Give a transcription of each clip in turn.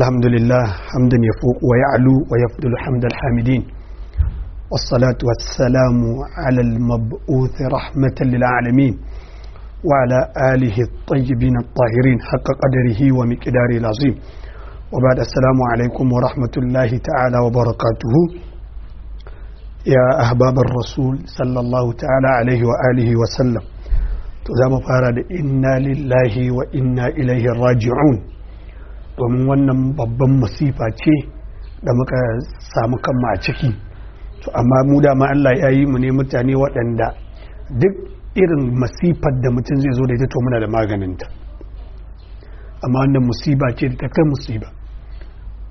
الحمد لله حمدا يفوق ويعلو ويفضل حمد الحامدين والصلاة والسلام على المبعوث رحمة للعالمين وعلى آله الطيبين الطاهرين حق قدره ومقداره العظيم وبعد السلام عليكم ورحمة الله تعالى وبركاته يا أحباب الرسول صلى الله تعالى عليه وآله وسلم تزام فارد إنا لله وإنا إليه راجعون domin wannan babban masifa ce da muka samu kanmu a ciki amma mu dama Allah ya yi mu ne mutane waɗanda duk irin masifar da mutum zai zo da ita to muna da maganinta amma wannan musiba ce da ta kai musiba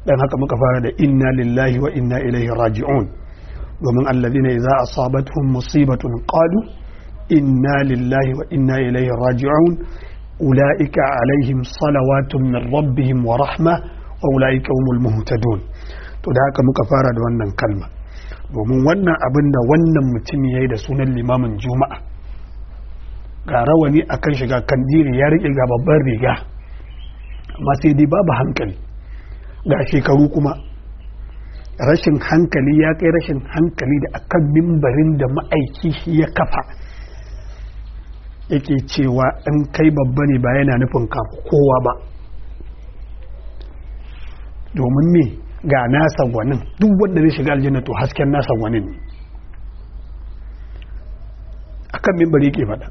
dan haka muka fara da inna lillahi wa inna ilaihi raji'un domin alladhina idza asabatuhum musibatun qalu inna lillahi wa inna ilaihi raji'un alaihim أولئك عليهم صلوات من ربهم to da هم muka fara da wannan kalma domin wannan abin da wannan mutum ya yi da sunan limamin juma'a ga rawani a kan shiga kandiri ya riƙe ga babban riga amma sai dai babu hankali ga shekaru kuma rashin hankali ya kai rashin hankali da akan mimbarin da ma'aiki shi ya kafa yake cewa in kai babba ne ba yana nufin kafa kowa ba domin me ga nasa gwanin duk wanda zai shiga aljanna to hasken nasa gwanin ne akan mimbari yake faɗa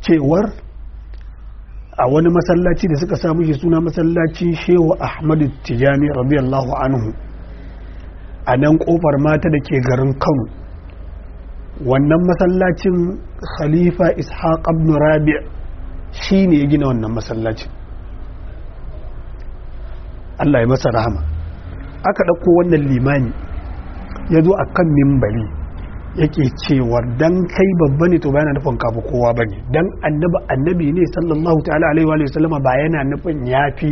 cewar a wani masallaci da suka samu shi suna masallaci shehu ahmadu tijani radiyallahu anhu a nan kofar mata da ke garin kano wannan masallacin khalifa ishaq ibn rabi shi ne ya gina wannan masallacin Allah ya masa rahama aka ɗauko wannan limani ya zo a kan mimbari yake cewa dan kai babba ne to ba yana nufin kafa kowa ba ne dan annabi annabi ne sallallahu ta'ala alaihi wa sallama ba yana nufin yafi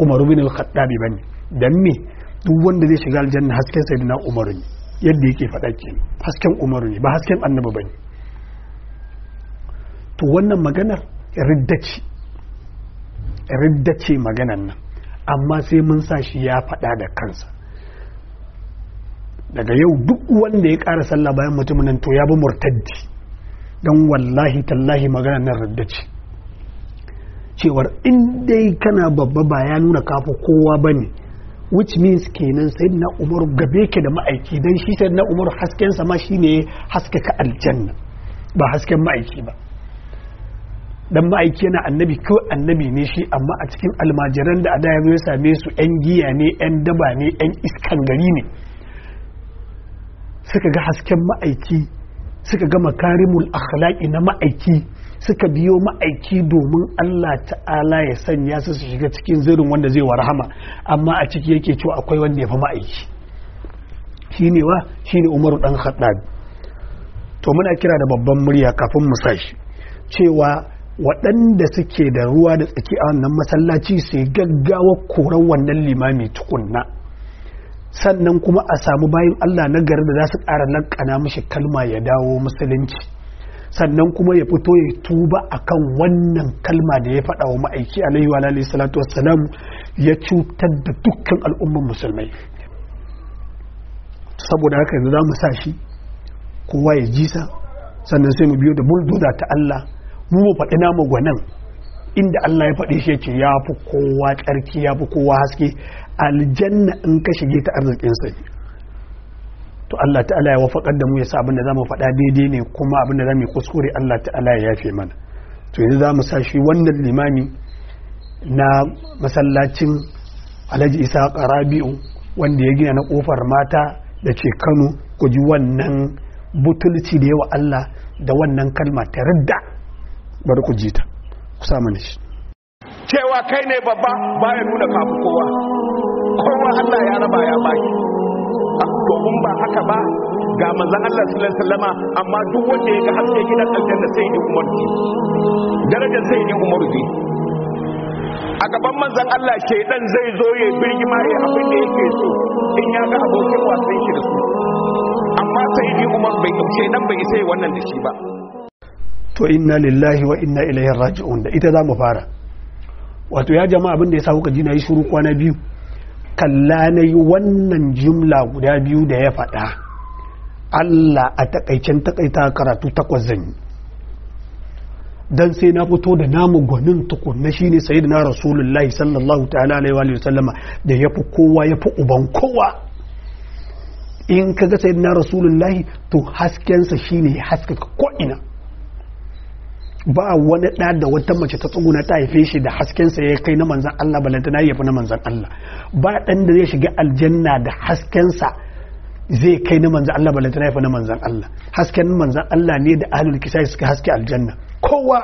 umaru bin al-khattabi ba dan me duk wanda zai shiga aljanna hasken sayyidina umaru ne yadda yake faɗa ke hasken umaru ne ba hasken annabi ba ne to wannan maganar riddace riddace maganar nan amma sai mun sa shi ya faɗa da kansa daga yau duk wanda ya ƙara sallah bayan mutumin nan to ya bi murtaddi don wallahi tallahi maganar nan riddace cewar in dai kana babba ba ya nuna kafa kowa ba ne which means kenan sai na umar gabe ke da ma'aiki don shi sai na umar hasken sama shi ne haske ka aljanna ba hasken ma'aiki ba dan ma'aiki yana annabi kawai annabi ne shi amma a cikin almajiran da adaya ya same su yan giya ne yan daba ne yan iskan gari ne suka ga hasken ma'aiki suka ga makarimul akhlaqi na ma'aiki suka biyo ma'aiki domin Allah ta'ala ya sanya su su shiga cikin zirin wanda zai wa rahama amma a ciki yake cewa akwai wanda ya fi ma'aiki Shi ne wa Shi ne Umaru dan Khattab to muna kira da babban murya kafin mu sashi cewa waɗanda suke da ruwa da tsaki a wannan masallaci sai gaggawa koran wannan limami tukunna sannan kuma a samu bayan Allah na gari da za su ƙara lakana mashi kalma ya dawo musulunci sannan kuma ya fito ya tuba a kan wannan kalma da ya faɗa wa ma'aiki alaihi wa alihi salatu wassalam ya cutar da dukkan al'umman musulmai saboda haka yanzu za mu sa shi kowa ya jisa sannan sai mu biyo da buldoza ta Allah mu mu faɗi namu gwanan inda Allah ya faɗi shi yake ya fi kowa tsarki ya fi kowa haske aljanna in ka shige ta arzikin sai to Allah ta'ala ya wafakar da mu ya sa abin da zamu faɗa daidai ne kuma abin da yi kuskure Allah ta'ala ya yafe mana to yanzu zamu sa shi wannan limami na masallacin Alhaji Isa Rabi'u wanda ya gina na kofar mata da ce Kano ku ji wannan butulci da yawa Allah da wannan kalma ta ridda bari ku ji ta ku sa mana shi cewa kai ne babba ba ya nuna kafin kowa kowa Allah ya raba ya baki to in ba haka ba ga manzon Allah sallallahu alaihi wasallama amma duk wanda ya ga haske gidan aljanna sai ya Umar darajar sai ya Umar a gaban manzan Allah shaidan zai zo ya birgima ya abin da yake so in ya ga abokin wasan shi da su amma sai ni umar bai kauce nan bai sai wannan da ba to inna lillahi wa inna ilaihi raji'un da ita za mu fara wato ya jama'a abin da ya sa kuka ji na yi shiru kwana biyu kalla na yi wannan jimla guda biyu da ya faɗa allah a takaicen takaita karatu takwas zan yi Don sai na fito da namu gwanin tukunna shine na rasulullahi sallallahu ta'ala alaihi wa sallama da ya fi kowa yafi uban kowa in ka kaga na rasulullahi to haskensa shine haskaka ko'ina. ba wani ɗa da wata mace ta tsuguna ta haife shi da haskensa ya kai na manzan Allah balanta na yafi na manzan Allah ba ɗan da zai shiga aljanna da haskensa zai kai na manzan Allah balanta na yafi na manzan Allah hasken manzan Allah ne da ahlul kisai suka haske aljanna kowa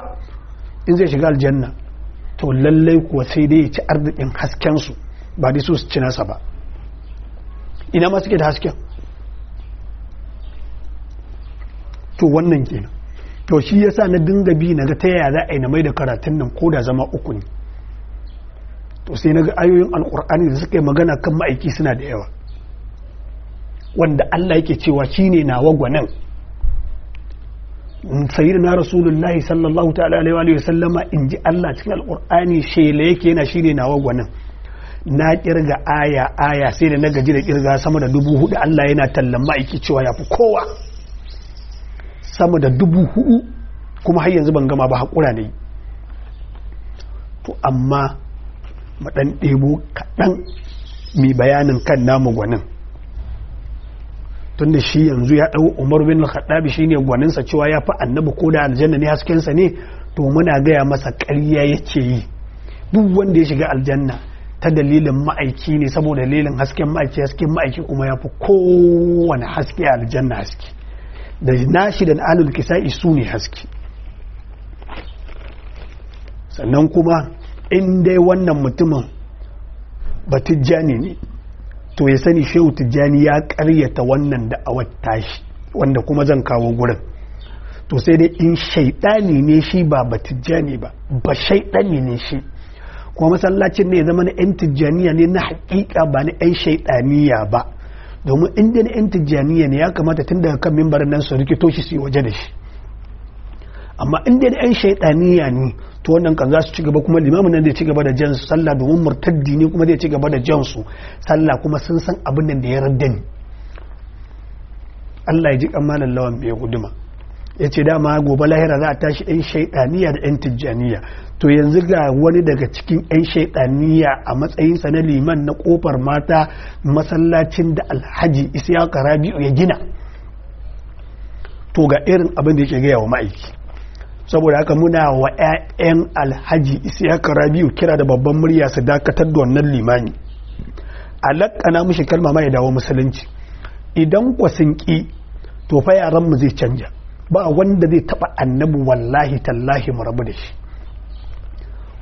in zai shiga aljanna to lallai kuwa sai dai ya ci arzikin hasken su ba dai su su ci nasa ba ina ma suke da hasken to wannan kenan to shi ya sa na dinga bi na ga ta yaya za a yi na mai da karatun nan ko da zama uku ne to sai na ga ayoyin alkur'ani da suka yi magana kan ma'aiki suna da yawa wanda Allah yake cewa shi ne shine nawa gwanan mm, na rasulullahi sallallahu ta'ala alaihi wa sallama in ji Allah cikin alkur'ani shela yake yana shi ne na gwanan na kirga aya aya sai da na gaji da kirga sama da dubu hudu Allah yana tallan ma'aiki cewa ya fi kowa sama da dubu hudu kuma har yanzu ban gama ba haƙura ne to amma maɗan ɗebo kaɗan mai bayanin kan namu gwanin Tunda shi yanzu ya ɗau umar bin al-khattabi shine gwaninsa cewa ya fi annabi ko da aljanna ne haskensa ne to muna gaya masa ƙarya yake yi duk wanda ya shiga aljanna ta dalilin ma'aiki ne saboda dalilin hasken ma'aiki hasken ma'aiki kuma ya fi kowane haske aljanna haske da nashi da alul kisa isu ne haske sannan kuma in dai wannan mutumin ba tijjani ne to ya sani shehu tijjani ya karyata wannan da'awar tashi wanda kuma zan kawo gurin to sai dai in shaidani ne shi ba ba tijjani ba ba shaidani ne shi kuma masallacin ne zama na 'yan tijjaniya ne na hakika ba na 'yan shaidaniya ba domin inda na yan tijjaniya ne ya kamata tun daga kan mimbarin nan su rikito shi su yi waje da shi amma inda na yan shaidaniya ne to wannan kan za su ci gaba kuma limamin nan zai ci gaba da jan su sallah domin murtaddi ne kuma zai ci gaba da jan su sallah kuma sun san abin da ya radda Allah ya ji kan lawan bai guduma ya ce dama gobe lahira za a tashi 'yan shaidaniya da 'yan tijjaniya to yanzu ga wani daga cikin 'yan shaidaniya a matsayinsa na liman na kofar mata masallacin da alhaji isiyaka rabi'u ya gina to ga irin abin da yake gaya wa ma'aiki saboda haka muna wa 'ya'yan alhaji isiyaka rabi'u kira da babban murya su dakatar da wannan limani alakana mushi kalma mai dawo musulunci idan kwasinki to fa yaran mu zai canja ba wanda zai taba annabi wallahi tallahi mu rabu da shi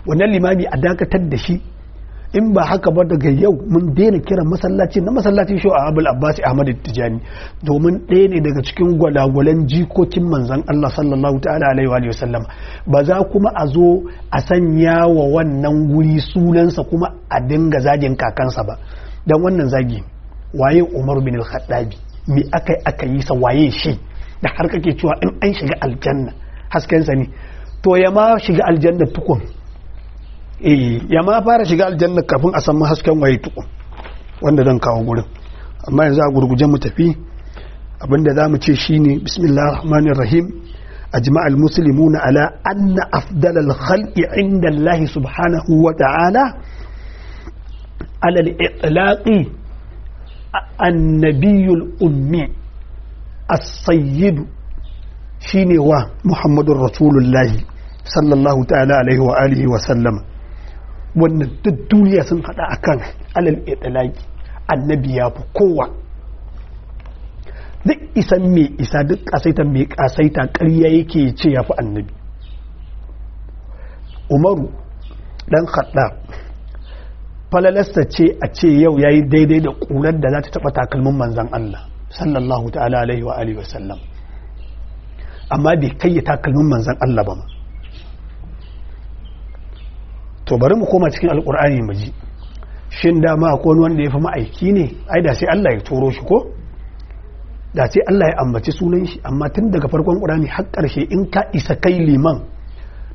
wannan limami a dakatar da shi in ba haka ba daga yau mun daina kiran masallaci na masallacin shi a abul abbas ahmad tijani domin ɗaya ne daga cikin gwalagwalan jikokin manzan allah sallallahu ta'ala alaihi wa sallam ba za kuma a zo a sanya wa wannan guri sunansa kuma a dinga zagin kakansa ba dan wannan zagi waye umar bin al-khattabi me aka aka yi sa waye shi da har kake cewa in an shiga aljanna haskensa ne to ya ma shiga aljanna tukun eh ya ma fara shiga aljanna kafin a samu hasken waye tukun wanda zan kawo gurin amma yanzu a gurguje mu tafi abinda za mu ce shine bismillahir rahmanir rahim أجمع المسلمون على أن أفضل الخلق عند الله سبحانه وتعالى على الإطلاق النبي ummi. as-sayyidu shine wa Muhammadu rasulullahi sallallahu ta'ala alaihi wa alihi wa sallama wannan duk duniya sun hada akan alal itlaqi annabi ya fi kowa duk isan mai isa duk kasaita mai kasaita ƙarya yake ce ya fi annabi umaru dan khadda falalasta ce a ce yau yayi daidai da ƙurar da za ta taɓa takalmin manzan Allah sallallahu ta'ala alaihi wa alihi wasallam amma bai kai ya takalmin manzon Allah ba to bari mu koma cikin alkur'ani mu ji shin da ma ko wanda ya fi ma'aiki ne ai da sai Allah ya turo shi ko da sai Allah ya ambaci sunan shi amma tun daga farkon ƙurani har karshe in ka isa kai liman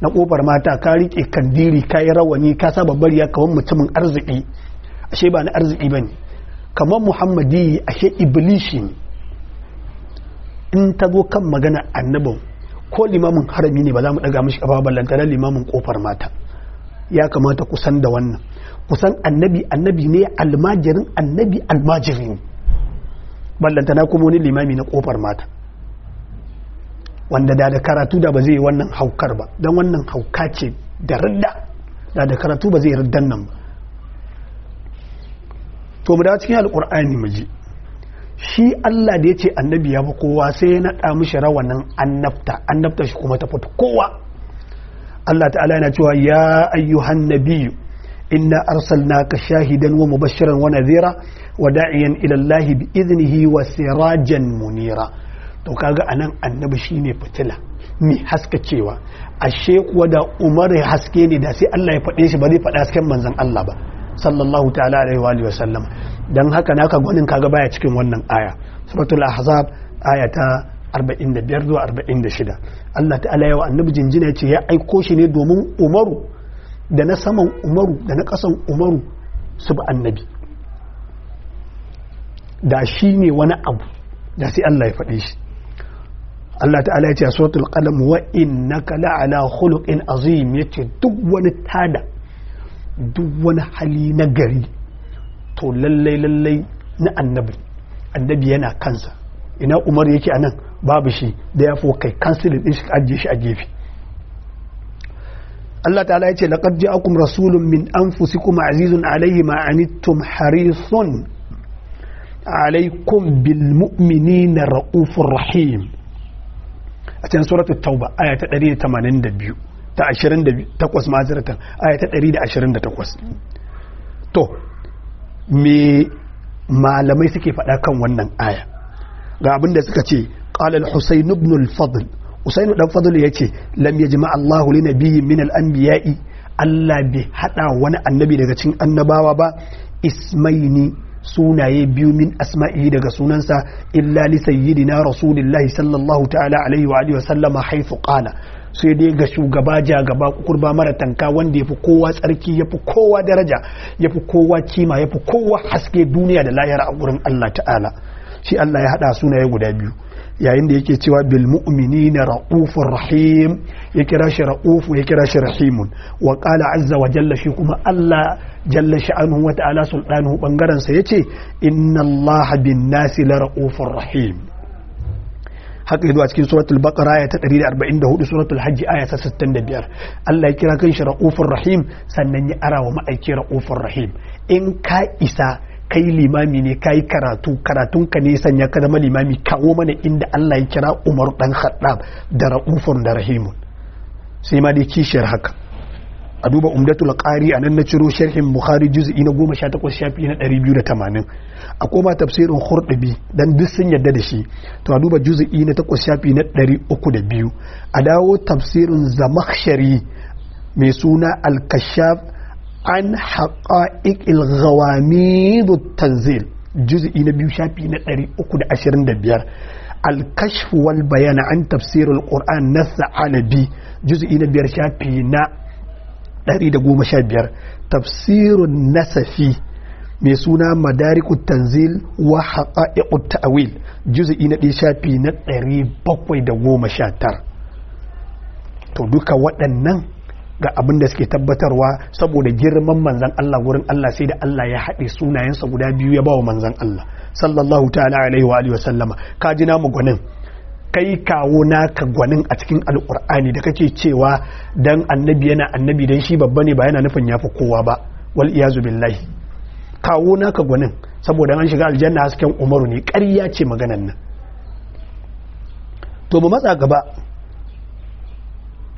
na kofar mata ka rike kandiri ka yi rawani ka sa babbar ya kawan mutumin arziki ashe ba na arziki bane kamar muhammadi ashe shi ne in ta zo kan magana annabin ko limamin harami ne ba za mu daga mashi kafa ballanta na limamin kofar mata ya kamata kusan da wannan kusan annabi annabi ne almajirin annabi almajiri ne ballanta kuma wani limami na kofar mata wanda da da karatu da ba zai yi wannan haukar ba don wannan hauka ce da ridda da karatu ba zai riddan nan ba to mu dawo cikin alkur'ani mu ji shi Allah da ya ce annabi ya fi kowa sai ya naɗa mishi rawanin annabta annabta shi kuma ta fito kowa Allah ta'ala yana cewa ya ayyuhan nabiyyu inna arsalnaka shahidan wa mubashiran wa nadhira wa da'iyan ila Allah bi idnihi wa sirajan munira to kaga anan annabi shine fitila mi haska cewa ashe kuwa da umar haske ne da sai Allah ya fade shi ba zai faɗa hasken manzon Allah ba sallallahu ta'ala alaihi wa sallam dan haka naka gwanin kaga baya cikin wannan aya suratul ahzab aya ta 45 zuwa 46 Allah ta'ala yau annabi jinjina yace ya aiko shi ne domin Umaru da na saman Umaru da na kasan Umaru su bi annabi da shi ne wani abu da sai Allah ya faɗe shi Allah ta'ala ya ce a suratul qalam wa innaka la'ala khuluqin azim yace duk wani tada duk wani hali na gari to lallai lallai na annabi annabi yana kansa ina umar yake anan babu shi da ya fi kai kansilin din shi ajiye shi a gefe Allah ta'ala ya ce laqad ja'akum rasulun min anfusikum azizun alayhi ma anittum harisun alaykum bil mu'minina raufur rahim a cikin suratul tauba aya ta 182 ta 28 maziratan aya ta 128 to me malamai suke faɗa kan wannan aya ga abin da suka ce qala al-husayn ibn al-fadl husayn al fadl ce lam yajma Allahu li nabiyyin min al-anbiya'i Allah bai hada wani annabi daga cikin annabawa ba ismaini sunaye biyu min asma'i daga sunansa illa li sayyidina rasulillahi sallallahu ta'ala alaihi wa alihi wa sallama haifu qala sai dai ga shugaba ja gaba kurba mara tanka wanda yafi kowa tsarki fi kowa daraja yafi kowa kima yafi kowa haske duniya da lahira a gurin Allah ta'ala shi Allah ya haɗa sunaye guda biyu yayin da yake cewa bil na raufur rahim ya kira shi raufu ya kira shi rahimun wa qala azza wa jalla shi kuma Allah jalla sha'anuhu wa ta'ala sultanuhu bangaren sa yace inna Allah bin nasi la raufur rahim haka zuwa cikin suratul baqara aya ta 144 suratul hajji aya ta 65 Allah ya kira shi raufur rahim sannan ya ara wa ma'aiki raufur rahim in ka isa kai limami ne kai karatu karatun ka ne sanya ka zama limami kawo mana inda Allah ya kira Umar dan Khattab da raufur da rahimun sai ma dai kishiyar haka a duba umdatul qari anan na ciro sharhin bukhari juz'i na 18 shafi na 280 a koma tafsirin khurdubi dan duk sun yadda da shi to a duba juz'i na 8 shafi na 302 a dawo tafsirin zamakhshari mai suna al-kashaf an haqa'iqil ghawamid at-tanzil juz'i na biyu shafi na 325 al-kashf wal bayan an tafsir al-qur'an na sa'alabi juz'i na biyar shafi na 115 tafsirun nasafi mai suna Madariku tanzil wa haqa'iqut ta'awil juz'i na ɗin shafi na 719 to duka waɗannan ga abin da suke tabbatarwa saboda girman manzan Allah wurin Allah sai da Allah ya haɗe sunayensa guda biyu ya bawa manzan Allah sallallahu ta'ala alaihi wa alihi wa sallama ka ji namu gwanin kai kawo naka gwanin a cikin alkur'ani da kake cewa dan annabi yana annabi dan shi babba ne ba yana nufin ya fi kowa ba wal iyazu billahi kawo naka gwanin saboda an shiga aljanna hasken umaru ne ƙarya ce maganan nan to mu matsa gaba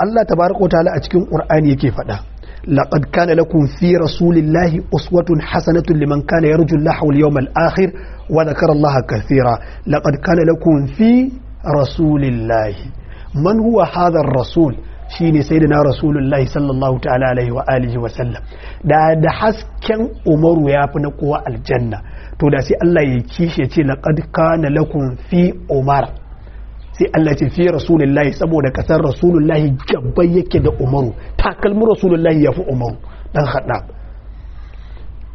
Allah tabaraka wa ta'ala a cikin qur'ani yake faɗa لقد كان لكم في رسول الله أسوة حسنة لمن كان يرجو الله واليوم الآخر وذكر الله كثيرا لقد كان rasulillahi man huwa hadha rasul shine na rasulullahi sallallahu ta'ala alaihi wa alihi wa da da hasken umaru ya fi na kowa aljanna to da sai Allah ya kishe ce laqad kana lakum fi umar sai Allah ce fi rasulullahi saboda kasar rasulullahi gaba yake da umaru takalmin rasulullahi ya fi umaru dan haɗa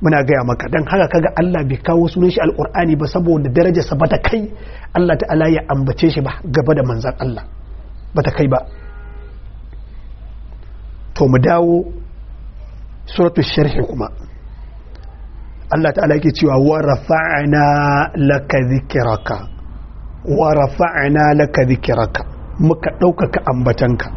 muna gaya maka dan haka kaga Allah bai kawo sunan shi alqur'ani ba saboda darajarsa bata kai Allah ta'ala ya ambace shi ba gaba da manzan Allah bata kai ba to mu dawo suratu sharhi kuma Allah ta'ala yake cewa wa rafa'na laka dhikraka wa rafa'na laka dhikraka muka ɗaukaka ambatanka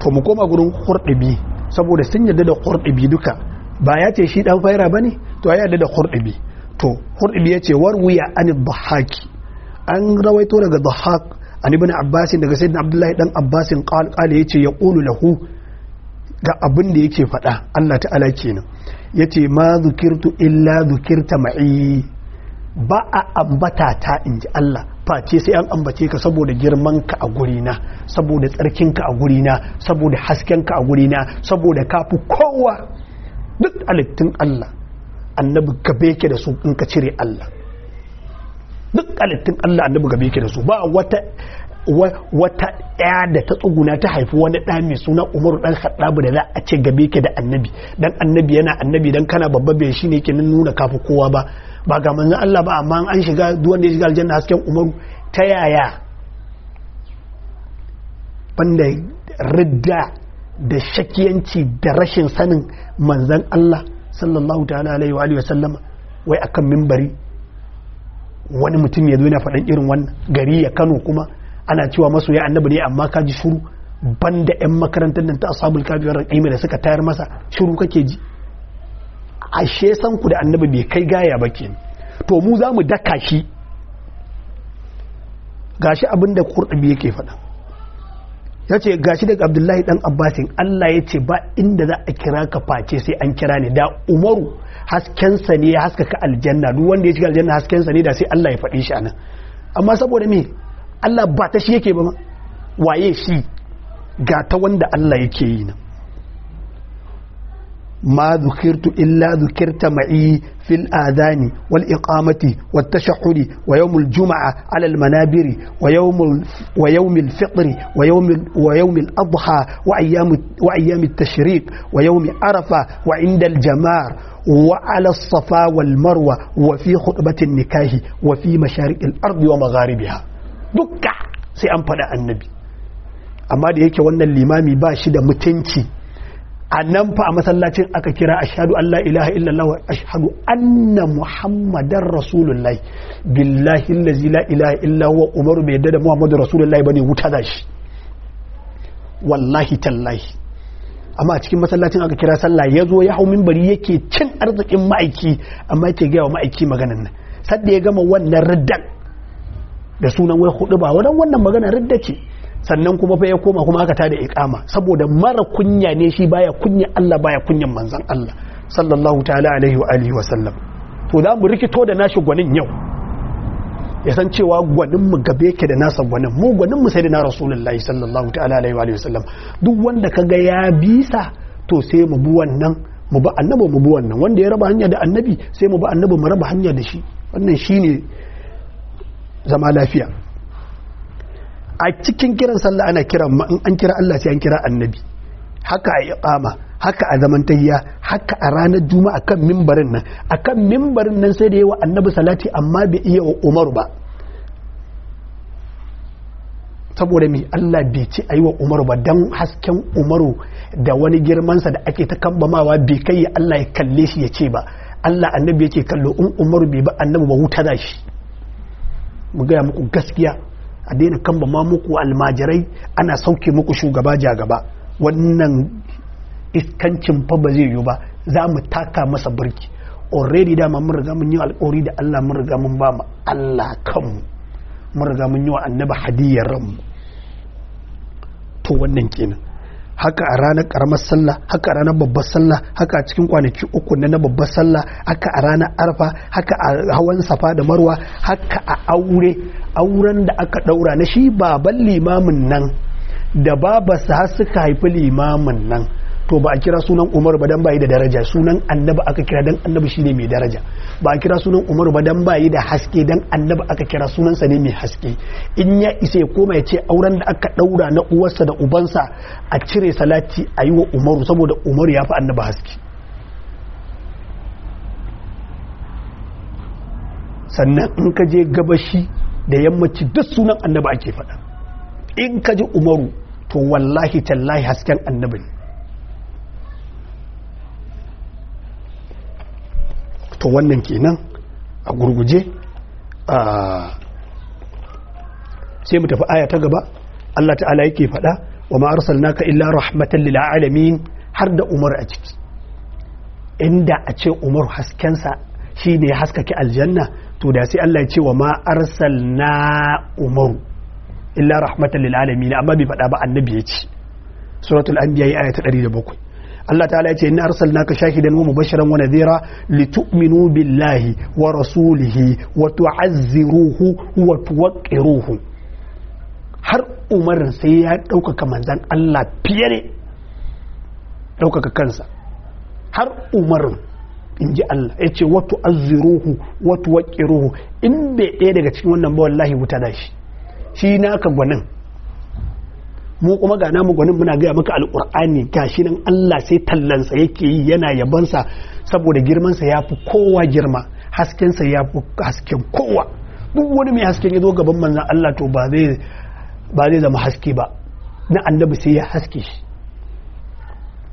to mu koma gurin hurɗibi saboda sun yarda da hurɗibi duka ba ya ce shi dan faira bane to ya yarda da hurdubi to hurdubi ya ce warwiya an dhahaki an rawaito daga dhahak an ibn abbas daga sayyidina abdullahi dan abbas qal qal ya yaqulu lahu ga abin da yake faɗa Allah ta'ala kenan yace ma zukirtu illa zukirta ma'i ba a ambata ta ji. Allah face sai an ambace ka saboda girman ka a gurina saboda tsarkin ka a gurina saboda hasken ka a gurina saboda kafi kowa duk halittun Allah annabi gabe yake da su in ka cire Allah duk halittun Allah annabi gabe yake da su ba wata wata ɗaya da ta tsuguna ta haifi wani ɗa mai suna umaru ɗan haɗabu da za a ce gabe ke da annabi dan annabi yana annabi dan kana babba bai shi ne ke nuna kafa kowa ba ba ga manzan Allah ba amma an shiga duwan da ya shiga aljanna hasken umaru ta yaya banda ridda da shakiyanci da rashin sanin manzan Allah sallallahu ta'ala alaihi wa sallama wai akan mimbari wani mutum ya zo yana faɗin irin wannan gari ya Kano kuma ana cewa masu ya annabi ne amma kaji ji shuru banda yan makarantar nan ta ashabul kafi ran da suka tayar masa shuru kake ji ashe san da annabi bai kai gaya ba ke to mu za mu daka shi gashi da kurɗabi yake faɗin. ta ce gashi daga abdullahi dan abbasin allah ya ce ba inda za a kira ka face sai an kira ne da umaru haskensa ne ya haskaka aljanna duk wanda ya shiga aljanna haskensa ne da sai allah ya faɗi shi nan amma saboda mai allah ba ta shi yake ba ma waye shi ga ta wanda allah yake yi nan ما ذكرت إلا ذكرت معي في الآذان والإقامة والتشحر ويوم الجمعة على المنابر ويوم ويوم الفطر ويوم ويوم الأضحى وأيام وأيام التشريق ويوم عرفة وعند الجمار وعلى الصفا والمروة وفي خطبة النكاه وفي مشارق الأرض ومغاربها دكا سي أنفد النبي أما ديك وأن الإمام باشد متنشي a nan fa a masallacin aka kira ashadu Allah, ilaha illallah wa ashadu anna muhammadar rasulullahi billahi allazi la ilaha illallah wa umaru bai yadda da muhammadu rasulullahi bane wuta da shi wallahi tallahi amma a cikin masallacin aka kira sallah ya zo ya hau minbari yake cin arzikin ma'aiki amma yake gaya wa ma'aiki maganan nan sadda ya gama wannan riddan da sunan wai hudu ba wannan wannan magana ridda ce sannan kuma fa ya koma kuma aka tada iqama saboda mara kunya ne shi baya kunya Allah baya kunyan manzon Allah sallallahu ta'ala alaihi wa alihi wa sallam to za mu rikito da nashi gwanin yau ya san cewa gwanin mu gabe ke da nasa gwanin mu gwanin mu sai da na rasulullahi sallallahu ta'ala alaihi wa alihi wa sallam duk wanda kaga ya bisa to sai mu bi wannan mu ba annabi mu bi wannan wanda ya raba hanya da annabi sai mu ba annabi mu raba hanya da shi wannan shine zama lafiya a cikin kiran sallah ana kira in an kira Allah sai an kira annabi haka a iqama haka a zaman tayya haka a ranar juma'a kan mimbarin nan a kan mimbarin nan sai da yawa annabi salati amma bai iya wa Umar ba saboda mai Allah bai ci a yi wa Umaru ba don hasken Umaru da wani girmansa da ake ta kambamawa bai kai ya Allah ya kalle shi ya ce ba Allah annabi yake kallo in Umaru bai ba annabi ba wuta da shi mu gaya muku gaskiya a daina kamba ma muku almajirai ana sauke muku shugaba ja gaba wannan iskancin fa ba zai yiwu ba za mu taka masa birki already dama mun riga mun yi alkawari da Allah mun riga mun ba mu Allah kanmu mun riga mun yi wa annabi hadiyar ranmu to wannan kenan haka a ranar karamar sallah haka a ranar babbar sallah haka a cikin kwanaki uku na babbar sallah haka a ranar arfa haka a hawan safa da marwa haka a aure auren da aka daura na shi baban limamin nan da babarsa har suka haifi limamin nan to ba a kira sunan Umaru ba dan bayi da daraja sunan annabi aka kira dan annabi shine mai daraja ba a kira sunan Umaru ba dan bayi da haske dan annabi aka kira sunansa ne mai haske in ya isa ya koma ya ce auren da aka ɗaura na uwarsa da ubansa a cire salati a yi wa umaru saboda umaru ya fi annabi haske sannan in ka je gabashi da yammaci duk sunan annabi ake faɗa in ka ji umaru to wallahi tallahi hasken annabi to wannan kenan a gurguje a sai mu tafi aya ta gaba Allah ta'ala yake faɗa wa ma arsalnaka illa rahmatan lil alamin har da Umar a ciki inda a ce Umar haskensa shine ne haskake aljanna to da sai Allah ya ce wa ma arsalna Umar illa rahmatan lil alamin amma bai faɗa ba annabi ya ce suratul anbiya ayata 107 Allah ta'ala ya ce inna arsalnaka shahidan wa mubashiran wa nadhira litu'minu billahi wa rasulihi wa tu'azziruhu wa tuwaqqiruhu har Umar sai ya ɗaukaka manzan Allah fiye ne ɗaukaka kansa har Umar in ji Allah ya ce watu tu'azziruhu watu waƙiruhu in bai ɗaya daga cikin wannan ba wallahi wuta da shi shi naka gwanin mu kuma ga namu gwanin muna gaya maka alƙur'ani gashi nan Allah sai tallansa yake yi yana yabansa saboda girmansa ya fi kowa girma haskensa ya fi hasken kowa duk wani mai hasken ya zo gaban manzan Allah to ba zai zama haske ba na annabi sai ya haske shi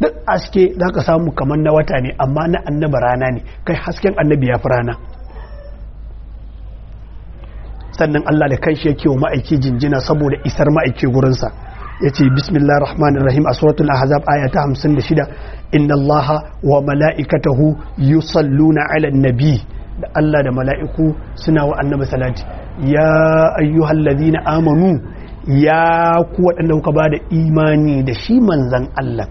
duk haske za ka samu kamar na wata ne amma na annabi rana ne kai hasken annabi ya fi rana sannan Allah da kanshi yake wa ma'aiki jinjina saboda isar ma'aiki gurinsa yace bismillahir rahmanir rahim a suratul ahzab aya ta 56 inna allaha wa mala'ikatahu yusalluna ala nabi da Allah da mala'iku suna wa annabi salati ya ayyuhal amanu ya ku waɗanda kuka ba da imani da shi manzan Allah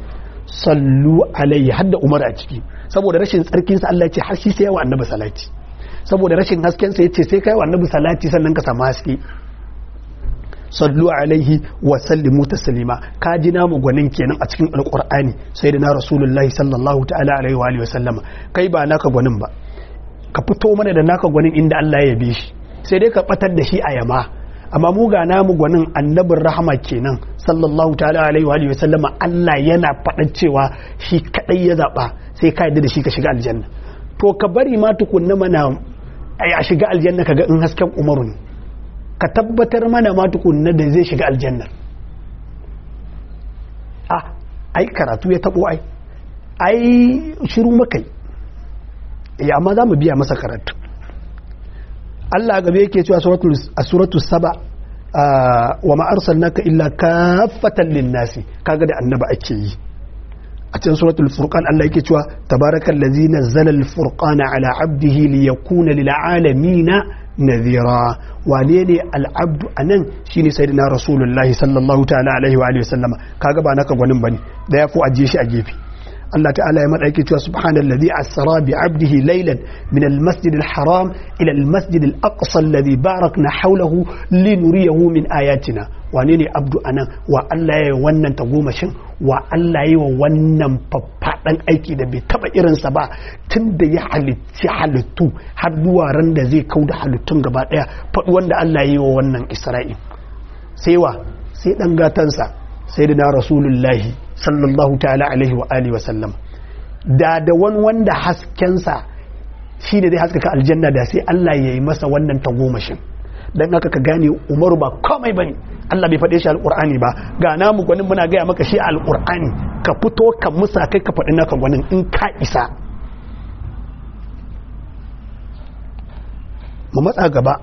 sallu alaihi hadda umar a ciki saboda rashin tsarkinsa Allah ce har shi sai wa annabi salati saboda rashin sa ya ce sai kai wa annabi salati sannan ka samu haske sallu alaihi wa sallimu taslima ka ji namu gwanin kenan a cikin alqur'ani sai da na rasulullahi sallallahu ta'ala alaihi wa alihi wa kai ba naka gwanin ba ka fito mana da naka gwanin inda Allah ya bi shi sai dai ka batar da shi a yama amma mu ga namu gwanin annabin rahama kenan sallallahu ta'ala alaihi wa alihi sallama Allah yana faɗan cewa shi kadai ya zaba sai ka yarda da shi ka shiga aljanna to ka bari ma tukunna mana a shiga aljanna kaga in hasken umaru ne ka tabbatar mana ma tukunna da zai shiga aljanna a ai karatu ya tabo ai ai shiru makai ya eh, amma za mu biya masa karatu Allah gabe yake cewa a suratu saba wa ma naka illa kaffatan linnasi kaga da annaba ake yi a can suratul furqan Allah yake cewa tabarakallazi nazzala al furqana ala abdihi liyakuna lil alamin nadhira wane ne al'abdu anan shine sayyidina rasulullahi sallallahu ta'ala alaihi wa sallama kaga ba naka gwanin bane da ya fi ajiye shi a gefe Allah ta'ala ya madaiki cewa subhanallazi asra bi 'abdihi laylan min al-masjid haram ila al-masjid al barak na haulahu hawlahu linuriyahu min ayatina wane ne abdu anan wa Allah ya yi wannan tagomashin wa Allah ya yi wa wannan faffaɗan aiki da bai taɓa irinsa ba tun da ya halitti halittu har zuwa ran da zai kau da halittun gaba ɗaya faɗi wanda Allah ya yi wa wannan isra'i sai wa sai ɗan gatansa sayyidina rasulullahi sallallahu ta'ala alaihi wa alihi wa sallam da da wani wanda haskensa shi ne zai haskaka aljanna da sai Allah ya yi masa wannan tagomashin dan haka ka gane umaru ba komai bane Allah bai faɗe shi alqur'ani ba ga namu gwanin muna gaya maka shi alqur'ani ka fito ka musa kai ka faɗi naka gwanin in ka isa mu matsa gaba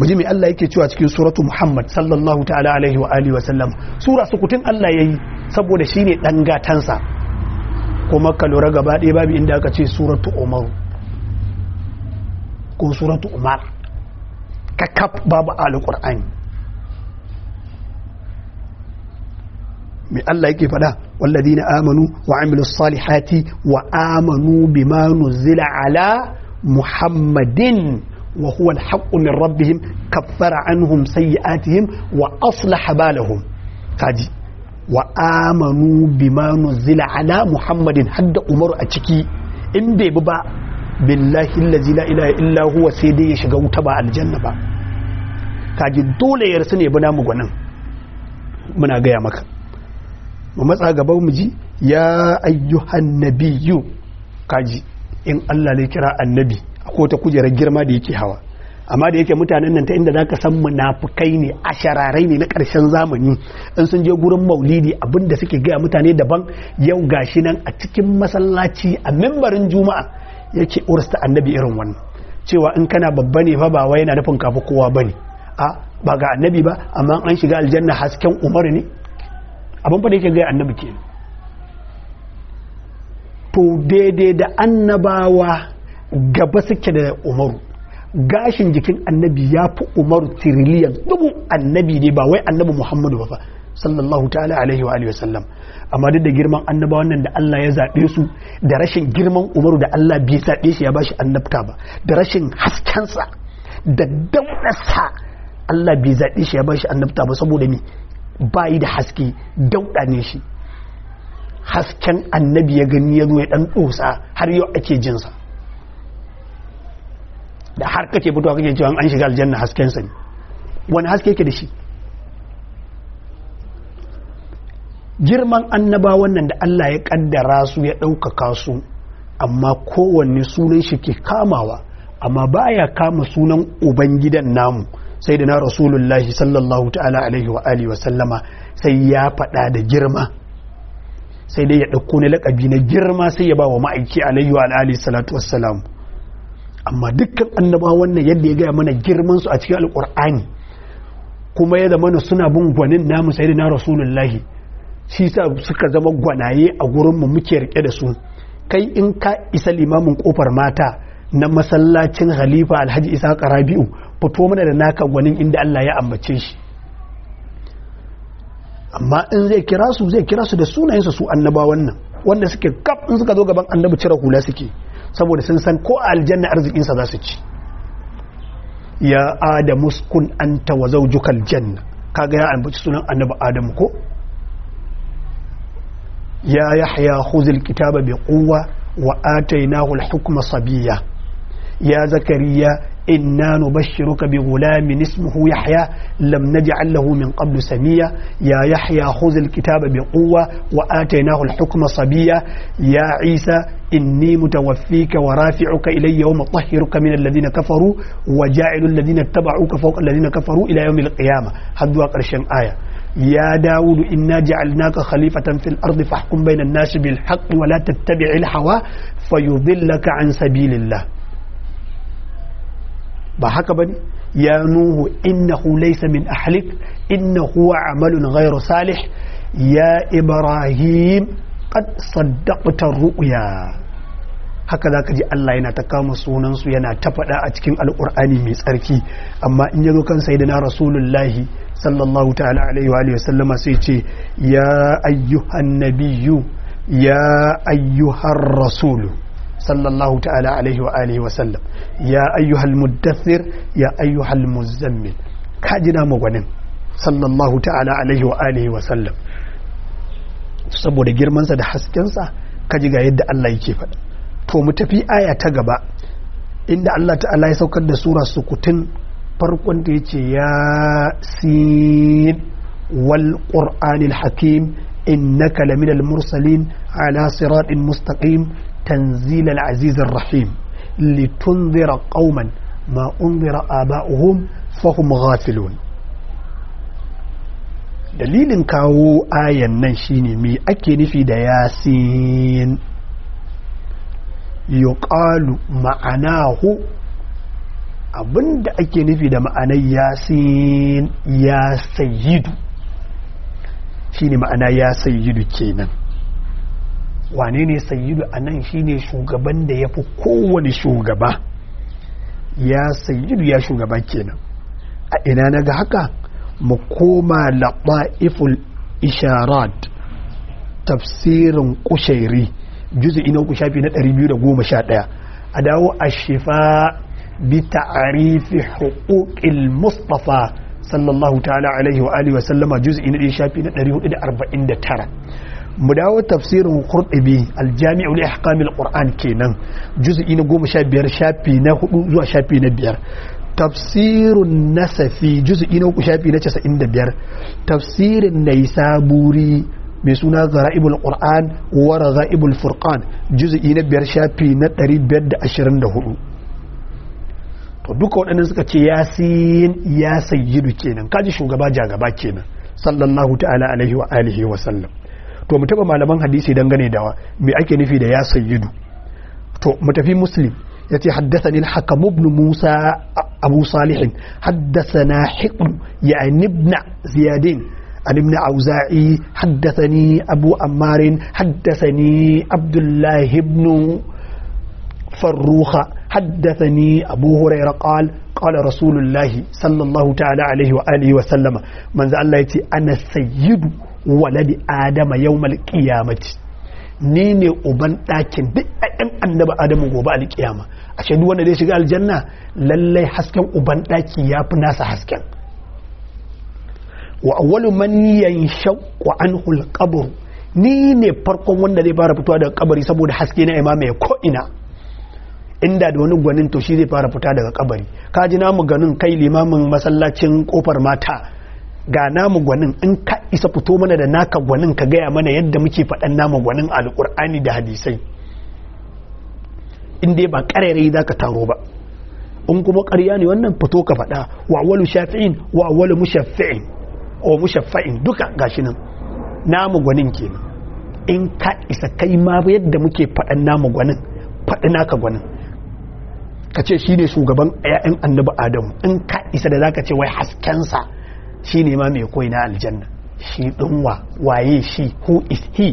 muji mai Allah yake cewa cikin suratu Muhammad sallallahu ta'ala alaihi wa alihi wa sallam sura sukutun Allah yayi saboda shine dan gatansa kuma ka lura gaba ɗaya babu inda aka ce suratu Umar ko suratu Umar ka kaf babu alqur'ani mai Allah yake faɗa walladina amanu wa amilu salihati wa amanu bima nuzila ala muhammadin wa huwa alhaqqu min rabbihim kaffara anhum sayyi'atihim wa aslaha balahum kaji wa amanu bima nuzila ala muhammadin hadda umaru a ciki in bai ba billahi allazi la ilaha illa huwa sai dai ya shiga wuta ba aljanna ba kaji dole ya rasu ne bi namu gwanin muna gaya maka mu matsa gaba mu ji ya ayyuhan nabiyyu kaji in Allah ne kira annabi ko ta kujerar girma da yake hawa amma da yake mutanen nan ta inda za ka san munafukai ne a shararai ne na ƙarshen zamani in sun je gurin maulidi abinda suke gaya mutane daban yau gashi nan a cikin masallaci a membarin juma'a yake ursta annabi irin wannan cewa in kana babba ne fa ba wai yana nufin kafi kowa bane a ba ga annabi ba amma an shiga aljanna hasken umar ne abin fa da yake gaya annabi kenan to daidai da annabawa gaba suke da umaru gashin jikin annabi ya fi umaru tiriliyan dubu annabi ne ba wai annabi muhammadu ba fa sallallahu ta'ala alaihi wa alihi wasallam amma duk da girman annaba wannan da Allah ya zaɓe su da rashin girman umaru da Allah bai zaɓe shi ya bashi annabta ba da rashin haskensa da sa Allah bai zaɓe shi ya bashi annabta ba saboda me bayi da haske dauɗa ne shi hasken annabi ya gani ya zo ya ɗan dosa har yau ake jinsa da har kake fitowa kake cewa an shiga aljanna hasken sa ne wani haske yake da shi girman annabawan wannan da Allah ya kaddara su ya ɗaukaka su amma kowanne sunan shi ke kamawa amma baya kama sunan ubangidan namu sai da na rasulullahi sallallahu ta'ala alaihi wa alihi wa sallama sai ya faɗa da girma sai dai ya ɗauko na laƙabi na girma sai ya ba wa ma'aiki alaihi wa alihi salatu wassalamu amma dukkan annaba wannan yadda ya gaya mana girman su a cikin alkur'ani kuma ya zamana suna bin gwanin namu sai na rasulullahi shi sa suka zama gwanaye a gurinmu muke rike da su kai in ka isa limamin kofar mata na masallacin halifa alhaji isa karabi'u fito mana da naka gwanin inda allah ya ambace shi amma in zai kira su zai kira su da sunayensa su annaba wannan wanda suke kaf in suka zo gaban annabi cire hula suke saboda sun san ko aljanna arzikinsa za su ci ya adamu kun anta wa Jukal janna kaga ya ambaci sunan annabi adamu ko ya yahya khuzil kitaba bi quwwa wa atainahu al-hukma sabiyya ya zakariya إنا نبشرك بغلام اسمه يحيى لم نجعل له من قبل سميا يا يحيى خذ الكتاب بقوة وآتيناه الحكم صبيا يا عيسى إني متوفيك ورافعك إلي ومطهرك من الذين كفروا وجاعل الذين اتبعوك فوق الذين كفروا إلى يوم القيامة هذا قرشن آية يا داود إنا جعلناك خليفة في الأرض فاحكم بين الناس بالحق ولا تتبع الهوى فيضلك عن سبيل الله ba haka bane ya nuhu innahu laysa min ahlik innahu amalun ghayru salih ya ibrahim qad saddaqta ru'ya haka za ka ji Allah yana ta kama sunansu yana ta faɗa a cikin alƙur'ani mai tsarki amma in ya zo kan sai na rasulullahi sallallahu ta'ala alaihi wa sallama sai ce ya ayyuhan nabiyyu ya ayyuhan rasulu sallallahu ta'ala alaihi wa alihi wa sallam ya ayyuhal muddathir ya ayyuhal muzammil ka ji na magwanin sallallahu ta'ala alaihi wa alihi wa sallam saboda girmansa da haskensa ka ji ga yadda Allah yake faɗa to mu tafi aya ta gaba inda Allah ta'ala ya saukar da sura sukutun farkon da yace ya sin wal qur'anil hakim innaka laminal mursalin ala siratin mustaqim تنزيل العزيز الرحيم لتنذر قوما ما أنذر آباؤهم فهم غافلون dalilin kawo ayan nan shine me ake nufi da yasin yuqalu ma'anahu abinda ake nufi da ma'anar yasin ya sayyidu shine ma'ana ya sayyidu kenan wane ne sayyidu a nan shine shugaban da ya fi kowane shugaba ya sayyidu ya shugaba kenan a ina na ga haka mu koma laɓa laɓa'iful isharat tafsirin kushairi juzu ina ku shafi na biyu da goma sha ɗaya a dawo a shifa bi ta'arifi huquqil mustafa sallallahu ta'ala alaihi wa alihi wa sallama juzu ina shafi na 449 mu dawo tafsirin qurtubi aljami'u li ahkamil qur'an kenan juz'i na 15 shafi na 4 zuwa shafi na 5 tafsirun nasafi juz'i na 3 shafi na 95 tafsirin naisaburi mai suna zara'ibul qur'an wa raza'ibul furqan juz'i na 5 shafi na 524 to duka wadannan suka ce yasin ya sayyidu kenan kaji shugaba jagaba kenan sallallahu ta'ala alaihi wa alihi wa sallam to mu taba malaman hadisi dangane da me ake nufi da ya sayyidu to mu tafi muslim yace haddathani al-hakam ibn musa abu salih haddathana hiqm ya'ni ibn ziyadin عن ابن عوزاعي حدثني أبو أمار حدثني عبد الله بن فروخ حدثني أبو هريرة قال قال رسول الله صلى الله تعالى عليه وآله وسلم من ذا الله أنا السيد waladi adama yau qiyamati ni ne uban ɗakin duk ɗan annaba adamu gobe alƙiyama a shaidu wanda zai shiga aljanna lallai hasken uban ɗaki ya fi nasa hasken wa awwalu man yanshaqqa anhu al-qabr ni ne farkon wanda zai fara fitowa daga kabari saboda haske na imama ya ko ina inda da wani gwanin to shi zai fara fita daga kabari ka ji namu ganin kai limamin masallacin kofar mata ga namu gwanin in ka isa fito mana da naka gwanin ka gaya mana yadda muke faɗan namu gwanin alƙur'ani da hadisai in dai ba ƙarairayi za ka taro ba in kuma ƙarya ne wannan fito ka faɗa wa walu shafi'in wa walu mushaffi'in o mushaffa'in duka gashi nan namu gwanin kenan in ka isa kai ma yadda muke faɗan namu gwanin faɗi naka gwanin ka ce shi ne shugaban 'ya'yan annabi adamu in ka isa da za ce wai haskensa shi ne ma mai koyi na aljanna shi ɗinwa waye shi who is he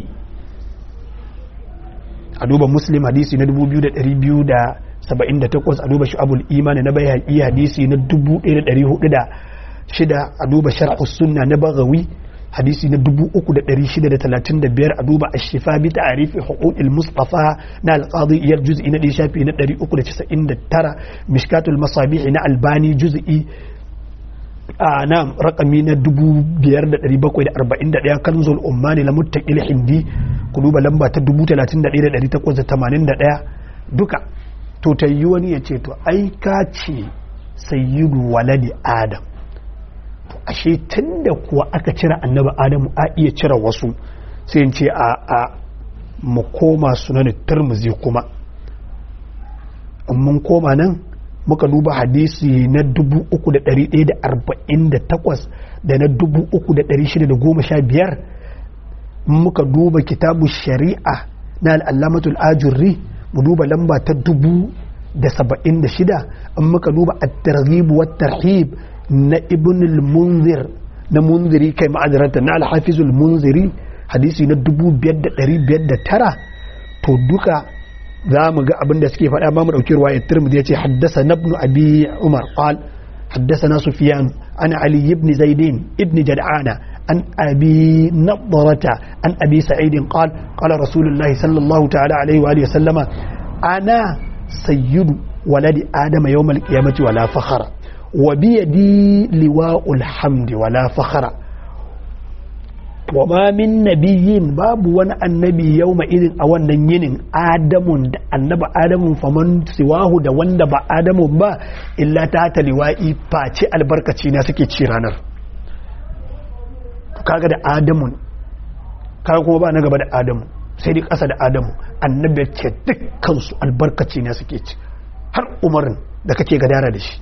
a duba muslim hadisi na 2278 a duba shu'abul imani na bayhaqi hadisi na 1406 a duba sharh sunna na bagawi hadisi na 3635 a duba ashifa bi ta'rif huquqil mustafa na al-qadi iyar juz'i na shafi na 399 mishkatul masabih na albani juz'i a na rakami na 5741 kanzul ummani la muttaqil hindi ku duba lamba ta 31881 duka to ta yi wani ya ce to ai ka ce sayyidu waladi adam to ashe da kuwa aka cira annabi Adamu a iya cire wasu sai in ce a a mu koma sunan turmuzi kuma in mun koma nan muka duba hadisi na 3148 da na 3615 muka duba kitabu shari'a na al'allamatul ajurri mu duba lamba ta 76 in muka duba at-targhib wa tarhib na ibn al-munzir na munziri kai ma'adaranta na al-hafiz al-munziri hadisi na 5,509 to duka za mu ga abin da suke faɗa ba mu ɗauki ruwa ya turmi ya ce haddasa nabnu abi umar qal haddasa na sufiyan an ali ibn zaidin ibn jad'ana an abi nadarata an abi sa'idin qal qala rasulullahi sallallahu ta'ala alaihi wa alihi sallama ana sayyidu waladi adama yawmal qiyamati wala fakhara wa bi yadi liwa'ul hamdi wala fakhara wa ma min nabiyyin babu wani annabi yau ma irin a wannan yinin adamun da annaba adamun faman siwahu da wanda ba adamun ba illa ta taliwa'i face albarkaci na suke ci ranar kaga da adamun kaga kuma ba na gaba da adamu sai dai kasa da adamu annabi ce dukkansu albarkaci na suke ci har umarin da kake gadara da shi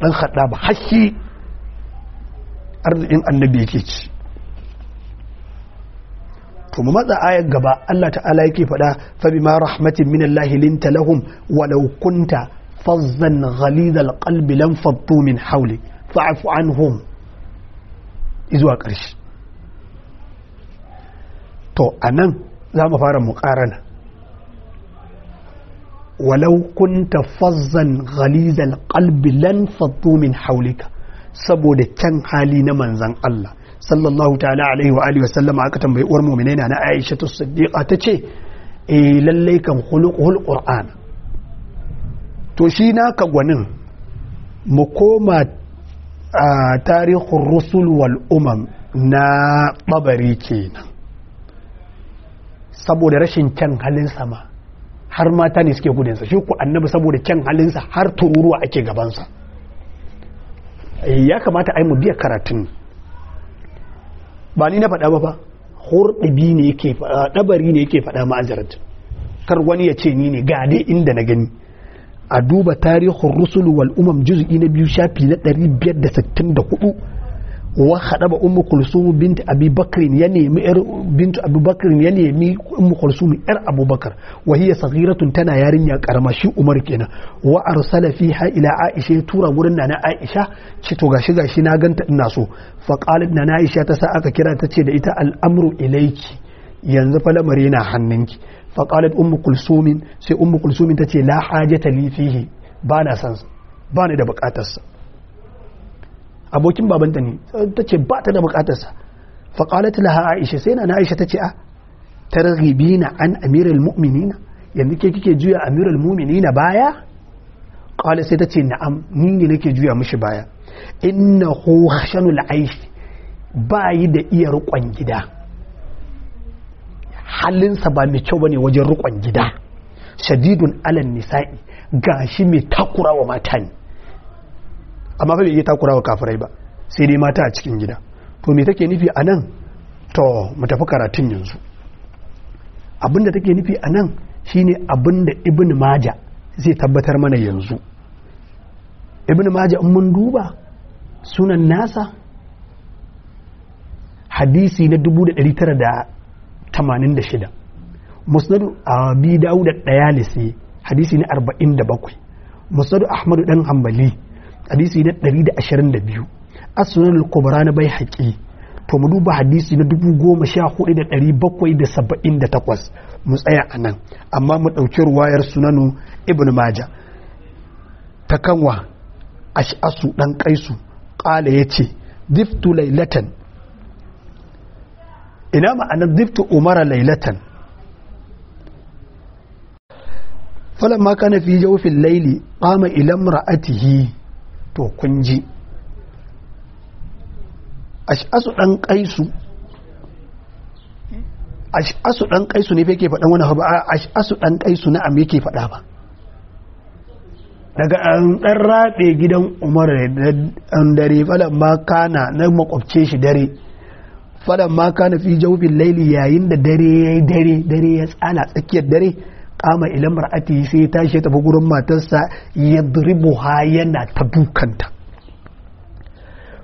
dan haɗa ba hashi arzikin annabi yake ci to mu matsa ayar gaba Allah ta'ala yake faɗa fa bima rahmatin min Allah linta lahum walau kunta fazzan ghalid alqalbi lam fattu min hawli fa'fu anhum izuwa ƙarshe to anan za mu fara muƙarana walau kunta fazzan ghalid alqalbi lan fattu min hawlika saboda can hali na manzan Allah sallallahu ta'ala alaihi wa alihi wasallam aka tambayi uwar mu'minai na Aisha ta Siddiqa tace eh lalle kan khuluqul Qur'an to shi naka gwanin mu koma a tarihin rusul wal umam na babari kenan saboda rashin kyan halin sama har mata ne suke gudunsa shi ku annabi saboda kyan halinsa har tururuwa ake gabansa eh, ya kamata ai mu biya karatun ba ni na faɗa ba ba hurɗabi ne yake faɗa ɗabari ne yake faɗa ma'azarat kar wani ya ce ni ne ga dai inda na gani a duba tarihin rusulu wal umam juz'i na biyu shafi na hudu. wa haɗaba ummu kulsum bint abi bakrin ya nemi yar bintu abi bakrin ya nemi ummu kulsum yar abubakar wa hiya saghiratun tana yarinya karama shi umar kenan wa arsala fiha ila aisha ya tura gurin nana aisha ci to gashi gashi na ganta ina so fa qalat nana aisha ta sa aka kira ta ce da ita al'amru ilayki yanzu fa lamari na hannunki fa qalat ummu kulsum sai ummu kulsum ta ce la hajata li fihi ba na san ba ni da bukatarsa abokin babanta ne ta ce ba ta da bukatarsa faƙalat laha aisha sai na aisha ta ce a ah, targhibina an amiral mu'minina yanzu ke kike juya amiral mu'minina baya qala sai ta ce na'am ni ne nake juya mishi baya innahu la'aishi aishi bayi da iya rukon gida halinsa ba mai kyau bane wajen rukon gida shadidun alan nisa'i gashi mai takura wa mata ne amma fa bai iya takura wa kafirai ba sai dai mata a cikin gida to me take nufi a nan to mu tafi karatun yanzu abinda take nufi a nan shine abinda ibn maja zai tabbatar mana yanzu ibn maja in mun duba sunan nasa hadisi na 1986 musnadu abi dawud da dayalisi hadisi na 47 musnadu ahmadu dan hanbali hadisi na 122 as-sunan al-kubra na bai haƙi to mu duba hadisi na 14778 mu tsaya a nan amma mu ɗauki ruwayar sunanu ibn maja ta kanwa ash'asu ɗan kaisu ƙala ya ce diftu lailatan ina ma'anar diftu umara lailatan فلما كان في جوف الليل قام إلى امرأته to kun ji ash'asu dan kaisu ash'asu dan kaisu ne yake faɗan wani abu ash'asu dan kaisu na am yake faɗa ba daga an dan gidan umar da dare falan ma kana na makwabce shi dare falan ma na fi jawbin laili yayin da dare yayi dare dare ya tsana tsakiyar dare kama ilan mar'ati sai ya tashi ya tafi gurin matarsa ya ha yana ta dukanta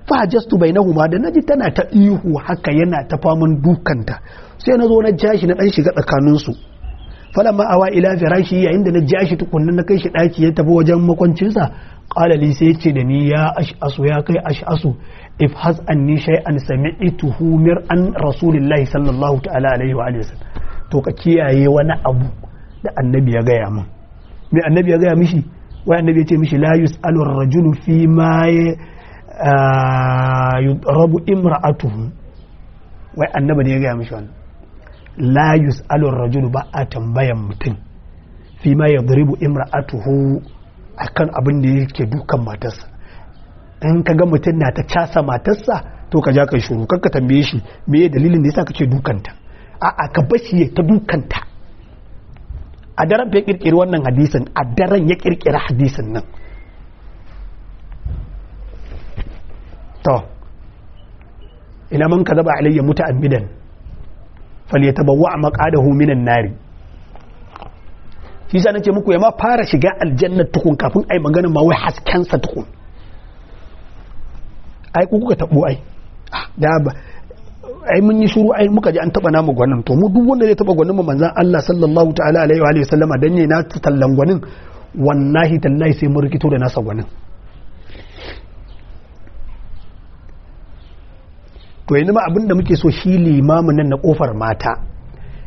fa jastu bainahuma da naji tana ta ihu haka yana ta faman dukanta sai na zo na jashi na dan shiga tsakanin su falamma awa ila firashi yayin da na jashi tukunnan na kai shi daki ya tafi wajen makwancinsa qala li sai ce da ni ya ash'asu ya kai ash'asu if has anni shay'an sami'tuhu mir an rasulillahi sallallahu ta'ala alaihi wa alihi to ka kiyaye wani abu da annabi ya gaya min me annabi ya gaya mishi wai annabi ya ce mishi la yus'alu rajulu fi ma ah, yudrabu imra'atuhu wai annabi ne ya gaya mishi wannan la yus'alu rajulu ba a tambayan mutum fi ma yadribu imra'atuhu akan abin da yake dukan matarsa in ka ga mutum na ta casa matarsa to ka ja kai shuru kanka tambaye shi me dalilin da yasa kace dukanta a'a ka bashi ta dukanta a daren ya kirkiri wannan hadisin a daren ya kirkira hadisin nan to ina man ka zaba alayya muta'ammidan falyatabawwa maqadahu minan nari shi sa nace muku ya ma fara shiga aljanna tukun kafin ai magana ma wai hasken tukun ai ku kuka tabo ai ah, da ai mun yi shuru ai muka ji an taba namu gwanin to mu duk wanda zai taba gwanin mu manzon Allah sallallahu ta'ala alaihi wa alihi sallama dan yayi na tallan gwanin wallahi tallahi sai mun rikito da nasa gwanin to yanzu ma abin da muke so shi limamin nan na kofar mata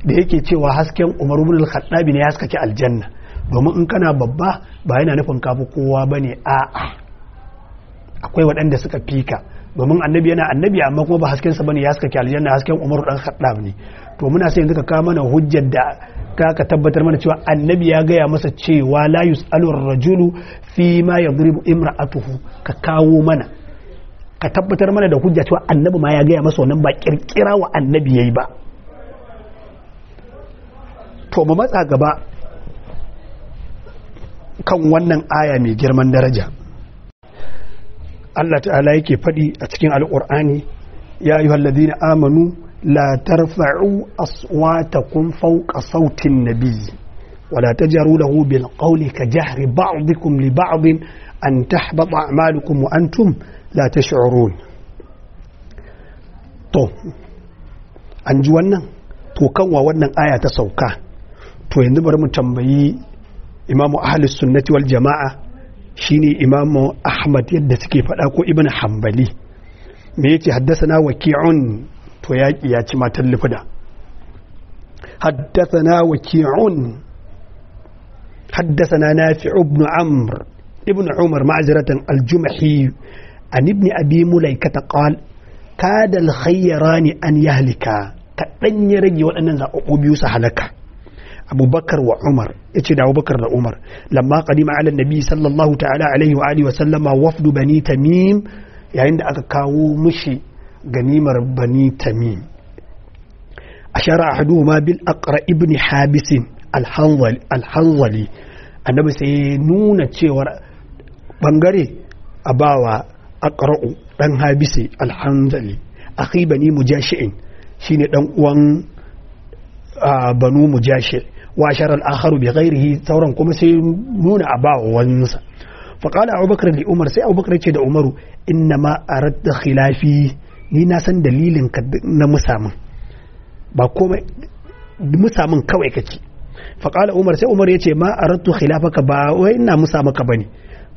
da yake cewa hasken Umar ibn al-Khattab ne ya haskake aljanna domin in kana babba ba yana nufin kafi kowa bane a'a akwai waɗanda suka fika domin annabi yana annabi amma kuma ba hasken sa bane ya haska aljanna hasken Umar dan Khattab ne to muna sai yanzu ka kawo mana hujjar da ka tabbatar mana cewa annabi ya gaya masa cewa la yus'alu ar-rajulu fi ma yadribu imra'atuhu ka kawo mana ka tabbatar mana da hujja cewa annabi ma ya gaya masa wannan ba kirkira wa annabi yayi ba to mu matsa gaba kan wannan aya mai girman daraja Allah ta'ala yake faɗi a cikin alƙur'ani ya yi halladina amanu la tarfa'u aswatakum fawqa sautin nabiyyi ولا تجروا له بالقول كجهر بعضكم لبعض أن تحبط أعمالكم وأنتم لا تشعرون to an ji wannan to kanwa wannan aya ta sauka to yanzu bari mu tambayi imamu ahlus sunnati wal jama'a shine imamu ahmad yadda suke faɗa ko ibn hambali me yake haddasana waki'un to yaƙi ya ci matan lifida haddasana waki'un haddasana nafi ibn amr ibn umar ma'aziratan aljumahi an ibn abi mulaikata qal kada alkhayrani an yahlika kaɗan ya rage waɗannan zaɓaɓɓu biyu su halaka abubakar wa umar ya ce da abubakar da umar lamma qadima ala nabi sallallahu ta'ala alaihi wa alihi wa sallama wafdu bani tamim yayin da aka kawo mushi ganimar bani tamim ashara ma bil aqra ibn habis al-hanzali annabi sai nuna cewar bangare a bawa dan habisi al-hanzali akhi bani mujashi'in shine dan uwan ah, banu mujashi wa sharal akharu bi ghairihi sauran kuma sai nuna a bawa wansa fa qala abubakar li umar sai abubakar ce da umaru inna ma aradda khilafi ni na san dalilin ka na musamman ba komai musamman kawai kace fa qala umar sai umar ya ce ma aradtu khilafaka ba wai ina musa maka bane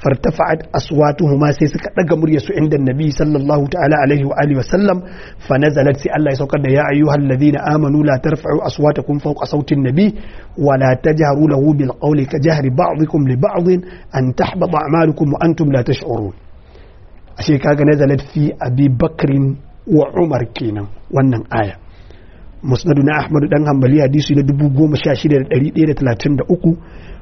fartafa'at aswatuhuma sai suka ɗaga murya su inda nabi sallallahu ta'ala alaihi wa alihi wasallam fa nazalat sai Allah ya saukar da ya ayyuhal ladina amanu la tarfa'u aswatakum fawqa sautin nabi wa la tajharu lahu bil qawli ka jihari ba'dikum li ba'din an tahbata a'malukum wa antum la tash'urun ashe kaga nazalat fi abi bakrin wa umar kenan wannan aya musnadu na ahmadu dan hanbali hadisi da uku.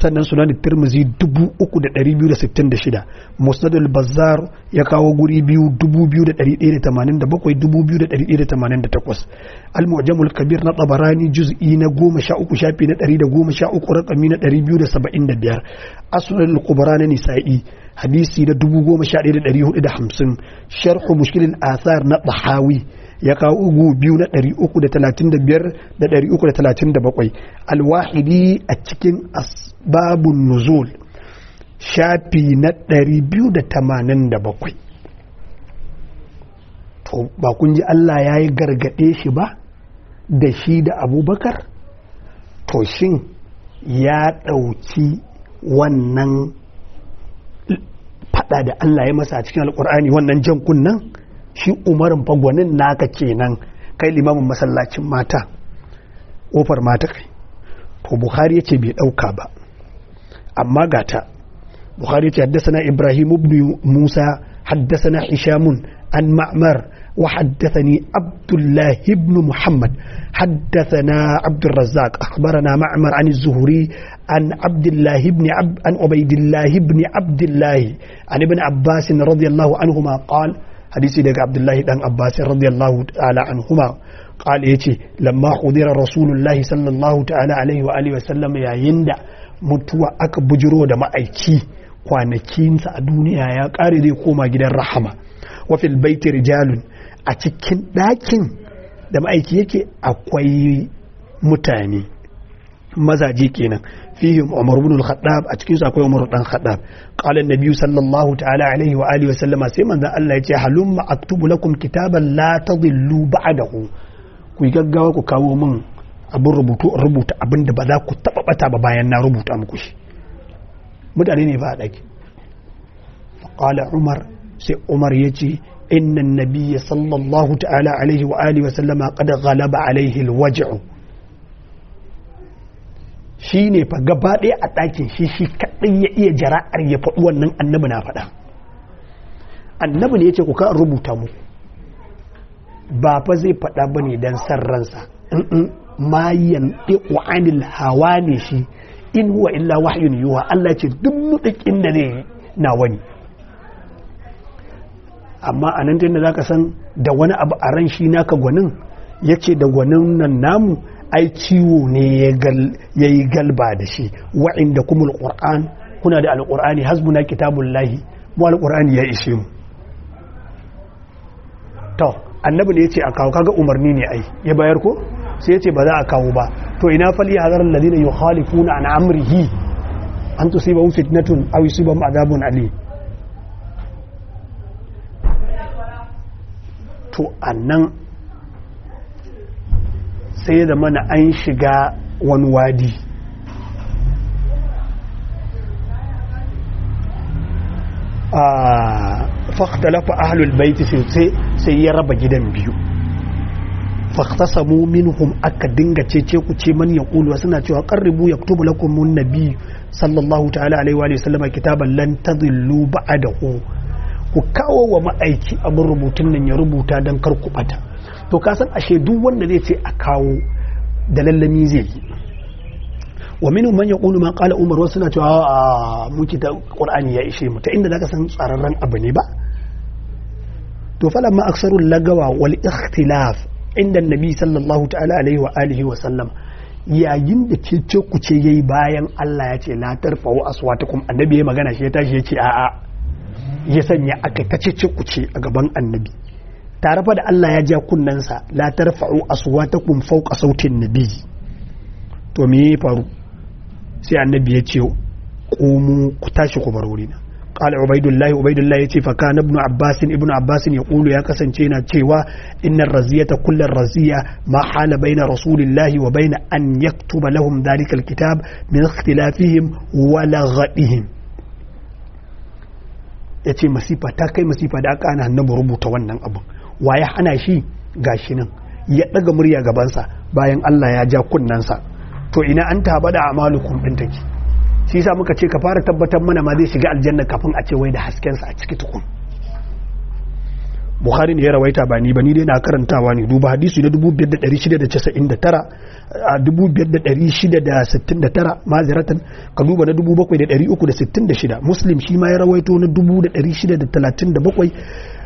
sannan sunan tirmizi 3266 musnad al-bazzar ya kawo guri biyu 2187 2188 al-mu'jamul kabir na tabarani juz'i na uku shafi na uku rakami na da biyar al-kubra na nisa'i hadisi na 11450 sharh mushkil al-athar na tahawi ya kawo ugu biyu na 335 da 337 alwahidi a cikin asbabun nuzul shafi na 287 to ba kun ji Allah ya yi gargaɗe shi ba da shi da abubakar to shin ya ɗauki wannan fada da Allah ya masa a cikin alkur'ani wannan jan kunnan shi umarin fagwanin naka kenan kai limamin masallacin mata kofar mata kai to bukhari yace bai ɗauka ba amma gata buhari yace haddathana ibrahim ibn musa haddathana hishamun an ma'mar wa haddathani abdullah ibn muhammad haddathana abd الرزاق اخبرنا an عن an عن عبد الله بن عب عن عبيد الله an Ibn الله radiyallahu ابن عباس hadisi daga abdullahi dan abbas radiyallahu ta'ala anhuma qala yace lamma qudira rasulullahi sallallahu ta'ala alaihi wa alihi wa sallam yayin da mutuwa aka bujiro da ma'aiki kwanakinsa a duniya ya ƙare zai koma gidan rahama wafil baiti rijalun a cikin ɗakin da ma'aiki yake akwai mutane mazaje kenan fihim Umar ibn al-Khattab a cikin su akwai Umar dan Khattab qala an-nabi sallallahu ta'ala alaihi wa alihi wa sallama sai manzon Allah ya ce halumma aktubu lakum kitaban la tadillu ba'dahu ku gaggawa ku kawo min abin rubutu rubuta abin da ba za ku taba bata ba bayan na rubuta muku shi mutane ne ba a daki qala Umar sai Umar ya ce inna an-nabiyya sallallahu ta'ala alaihi wa alihi wa sallama qad ghalaba alaihi al-waj'u shi ne fa gaba ɗaya a ɗakin shi shi kaɗai ya iya jara'ar ya faɗi wannan annabi na faɗa annabi ne ya ce ku ka rubuta mu ba fa zai faɗa ba ne don san ransa mayan yanɗi wa'anin hawa ne shi in huwa illa wahyun yuwa Allah ce duk muɗaƙin da ne na wani amma a nan da za ka san da wani abu a ran shi naka gwanin ya ce da gwanin nan namu ai ciwo ne ya yi galba da shi wa'inda kuma alƙur'an kuna da alƙur'ani hasbuna kitabun lahi mu alƙur'ani ya ishe mu to annabi ne ya ce a kawo kaga umarni ne ai ya bayar ko sai ya ce ba za a kawo ba to ina fali hadarar ladina yukhalifuna an amrihi an tusibahu fitnatun aw yusibahum adabun Ali to annan sai da mana an shiga wani wadi a ah, faktalafa ahlul baiti sai ya raba gidan biyu faktasamu minhum aka dinga cece ku ce man ya kulu suna cewa ya kutubu lakum na biyu sallallahu ta'ala alaihi wa sallama kitaban lan tadillu ku kawo wa ma'aiki abin rubutun nan ya rubuta don kar ku bata to kasan ashe duk wanda zai ce a kawo da lallami zai yi wa minu man yaqulu ma ƙala umar wasu na cewa a muke ta qur'ani ya ishe mu ta inda zaka san tsararren abu ne ba to ma aksarul lagawa wal ikhtilaf inda nabi sallallahu ta'ala alaihi wa alihi wa sallam yayin da cece ya yayi bayan Allah ya ce la tarfa'u aswatakum annabi ya magana shi ya tashi ya ce a'a ya sanya aka ta ku ce a gaban annabi tare fa da Allah ya ja kunnensa la tarfa'u aswatakum fawqa sautin nabiyyi to me faru sai annabi ya ce qumu ku tashi ku bar wurina قال عبيد الله عبيد الله يتي فكان ابن عباس ابن عباس يقول يا كسنتينا تشيوا ان الرزيه كل الرزيه ما حال بين رسول الله وبين ان يكتب لهم ذلك الكتاب من اختلافهم ولغتهم yace masifa ta kai masifa da aka ana annabi rubuta wannan abun wa ya hana shi gashi nan ya daga murya gabansa bayan Allah ya ja kunnansa to ina an taba da amalukum din take shi yasa muka ce ka fara tabbatar mana ma zai shiga aljanna kafin a ce wai da hasken sa a ciki tukun Bukhari ne ya rawaita ba ni ba ni dai na karantawa ne duba hadisi na 5699 2669 maziratan ka duba na 7366 Muslim shi ma ya rawaito na 2637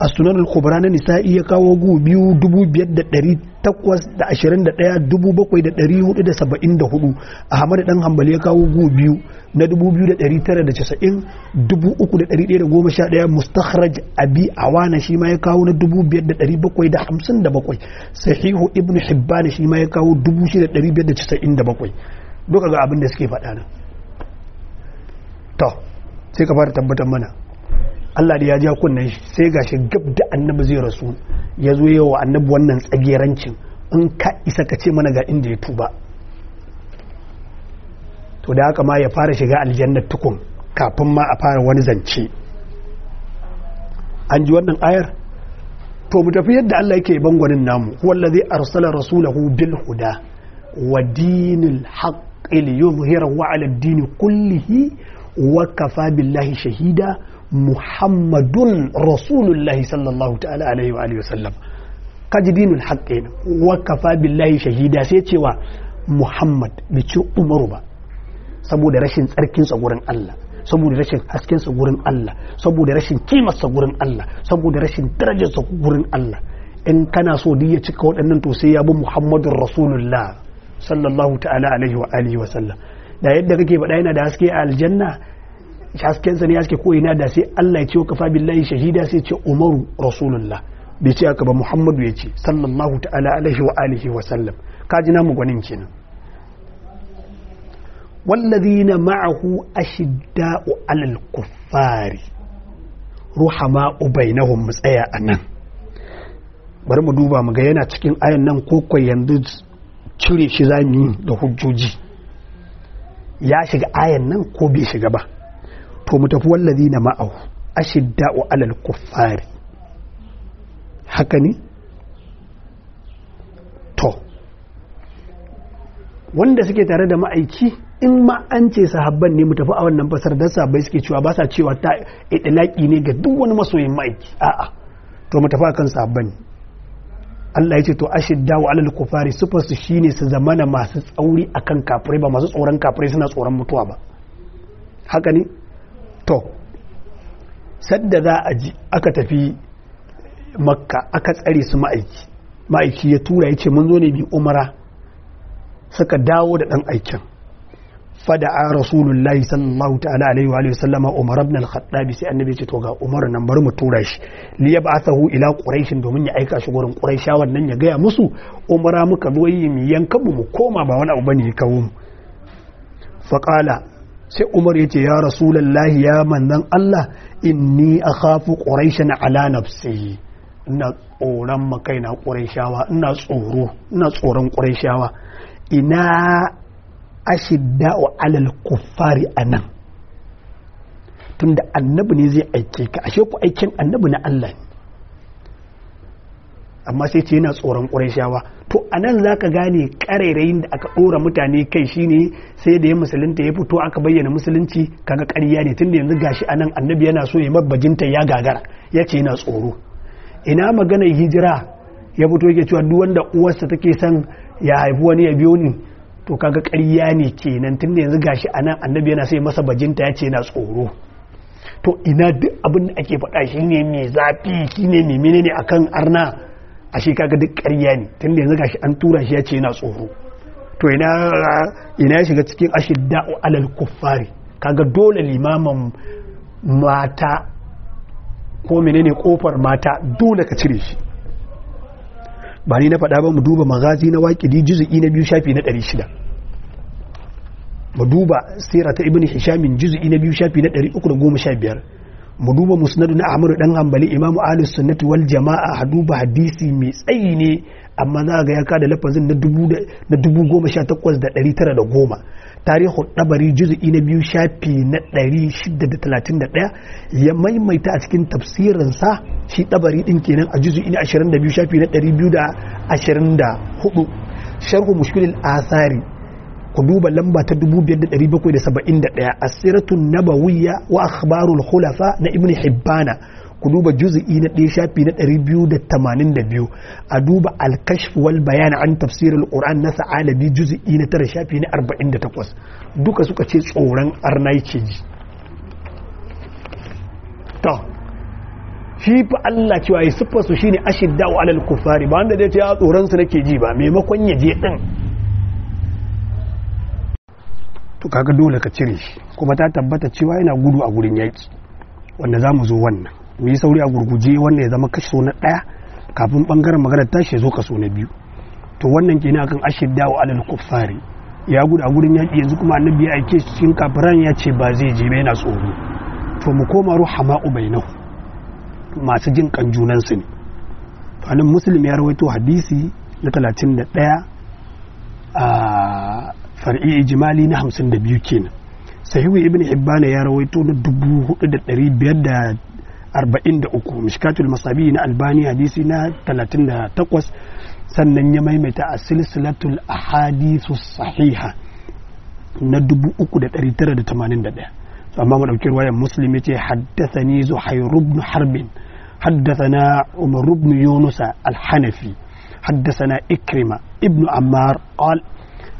a sunan al-kubra na nisa ya kawo gu biyu dubu biyar da ɗari takwas da ashirin da ɗaya dubu bakwai da ɗari hudu da saba'in da hudu ahmad dan hambali ya kawo gu biyu na dubu biyu da ɗari tara da casa'in dubu uku da ɗari ɗaya da goma sha ɗaya mustakhraj abi awana shi ma ya kawo na dubu biyar da ɗari bakwai da hamsin da bakwai sahihu ibn hibban shi ma ya kawo dubu shida da ɗari biyar da casa'in da bakwai duka ga abin da suke faɗa nan to sai ka fara tabbatar mana Allah da ya ja kunnen shi sai gashi gab da annabi zai rasu ya zo yawa annabi wannan tsagerancin in ka isa ka ce mana ga inda ya tuba to da haka ma ya fara shiga aljanna tukun kafin ma a fara wani zance an ji wannan ayar to mu tafi yadda Allah yake bangwanin namu wallazi arsala rasulahu bil huda wa dinil haqq liyuzhirahu ala ad kullihi وكفى بالله شهيدا shahida muhammadun الله sallallahu الله alaihi wa alihi wasallam kaji dinul الحق وكفى بالله billahi shahida sai cewa muhammad bai ci umaru ba saboda rashin tsarkin gurin Allah saboda rashin hasken sa gurin Allah saboda rashin kimar sa gurin Allah saboda rashin darajar sa gurin Allah in kana so duk ya cika waɗannan to sai ya bi muhammadun rasulullah sallallahu ta'ala alaihi wa sallam da yadda kake faɗa yana da haske a aljanna hasken sa ne haske ko ina da sai Allah ya ce kafa billahi shahida sai ce Umaru Rasulullah bai ce aka ba Muhammadu ya ce sallallahu ta'ala alaihi wa alihi wa sallam kaji namu gwanin kenan والذين معه أشداء على الكفار رحماء بينهم مسأيا أنا bari mu duba mu ga yana cikin ayan nan ko yanzu cire shi zamu yi da hujjoji ya shiga ayan nan ko bai shiga ba to mu tafi wallazi na ma'au ashidda'u alal kuffari haka ne to wanda suke tare da ma'aiki in ma an ce sahabban ne mu tafi a wannan fasar dan sahabbai suke cewa ba sa cewa ta idlaki ne ga duk wani masoyin ma'aiki a'a to mu kan akan sahabban Allah ya ce to ashidda wa alal kufari su su shine su zamana masu tsauri akan kafirai ba masu tsoron kafirai suna tsoron mutuwa ba haka ne to sadda za a ji aka tafi makka aka tsare su ma'aiki ma'aiki ya tura ya ce mun zo ne bi umara suka dawo da dan aikin fada'a rasulullahi sallallahu ta'ala alaihi wa sallama umar ibn al-khattabi sai annabi ce to ga umar nan bari mu tura shi li yab'athahu ila quraish domin ya aika shi gurin quraishawan nan ya gaya musu umara muka zo yi mu yanka mu koma ba wani abu bane ya kawo mu faqala sai umar ya ce ya rasulullahi ya manzon Allah inni akhafu quraishan ala nafsi ina tsoron makaina quraishawa ina tsoro ina tsoron quraishawa ina ashidda'u alal kuffari anan tunda annabi ne zai aike ka ashe ku aikin annabi na Allah ne amma sai ce yana tsoron ƙurashawa to anan zaka gane ƙarairayin da aka ɗora mutane kai shine sai da ya musulunta ya fito aka bayyana musulunci kaga ƙarya ne tunda yanzu gashi anan annabi yana so ya mabbajinta ya gagara yace yana tsoro ina maganar hijira ya fito yake cewa duk wanda uwarsa take san ya haifi wani ya biyo ni to kaga ƙarya ne kenan tun da yanzu gashi anan annabi yana sai masa bajinta ya ce yana tsoro to ina duk abin da ake faɗa shi ne mai zafi shi ne mai menene akan arna a shi kaga duk ƙarya ne tun da yanzu gashi an tura shi ya ce yana tsoro to ina ya shiga cikin ashidda alal kuffari kaga dole limaman mata ko menene kofar mata dole ka cire shi ba ni na faɗa ba mu duba magazi na waƙidi juzu'i na biyu shafi na ɗari shida mu duba sira ta ibn hishamin juzu'i na biyu shafi na ɗari uku da goma sha biyar mu duba musnadu na amur dan hanbali imamu ahlus sunnati wal jama'a a duba hadisi mai tsayi ne amma za ga ya kada lafazin na dubu goma sha takwas da ɗari tara da goma tarihu dabari juz'i na biyu shafi na 631 ya maimaita a cikin tafsirinsa shi dabari din kenan a juz'i na 22 shafi na 224 sharhu mushkilil asari ku duba lamba ta 5771 asiratun nabawiyya wa akhbarul khulafa na ibn hibbana ku duba juzu'i na ɗaya shafi na 282 a duba alkashf wal bayan an tafsir al-qur'an na sa'alabi juzu'i na tara shafi na 48 duka suka ce tsoron arnai ce ji to shi fa Allah cewa ya siffar su shine ashidda wa alal kufari ba wanda dai ce ya ah, tsoron su nake ji ba maimakon ya je din to kaga dole ka cire shi kuma ta tabbata cewa yana gudu a gurin yaki wanda zamu zo wannan mu yi sauri a gurguje wannan ya zama kaso na ɗaya kafin bangaren maganar tashi ya zo kaso na biyu to wannan kenan akan dawo alal kuffari ya gudu a gurin yaƙi yanzu kuma annabi ya aike cikin kafiran ya ce ba zai je ba yana tsoro to mu koma ruhama ubainahu masu jin kan junansu ne fanin muslim ya rawaito hadisi na 31 a far'i ijimali na 52 kenan sahihu ibn hibban ya rawaito na 4500 arba'in da mishikatul masabi na albani hadisi na talatin sannan ya maimaita a silsilatul a hadisu saxiha. na dubu uku da dari tara da tamanin dade su ma ma da wuce waya muslumace haddasa ni su xayyurubnu harbin haddasana uma rubnu yoonusa alhanafi haddasana ikirma ibn amar qol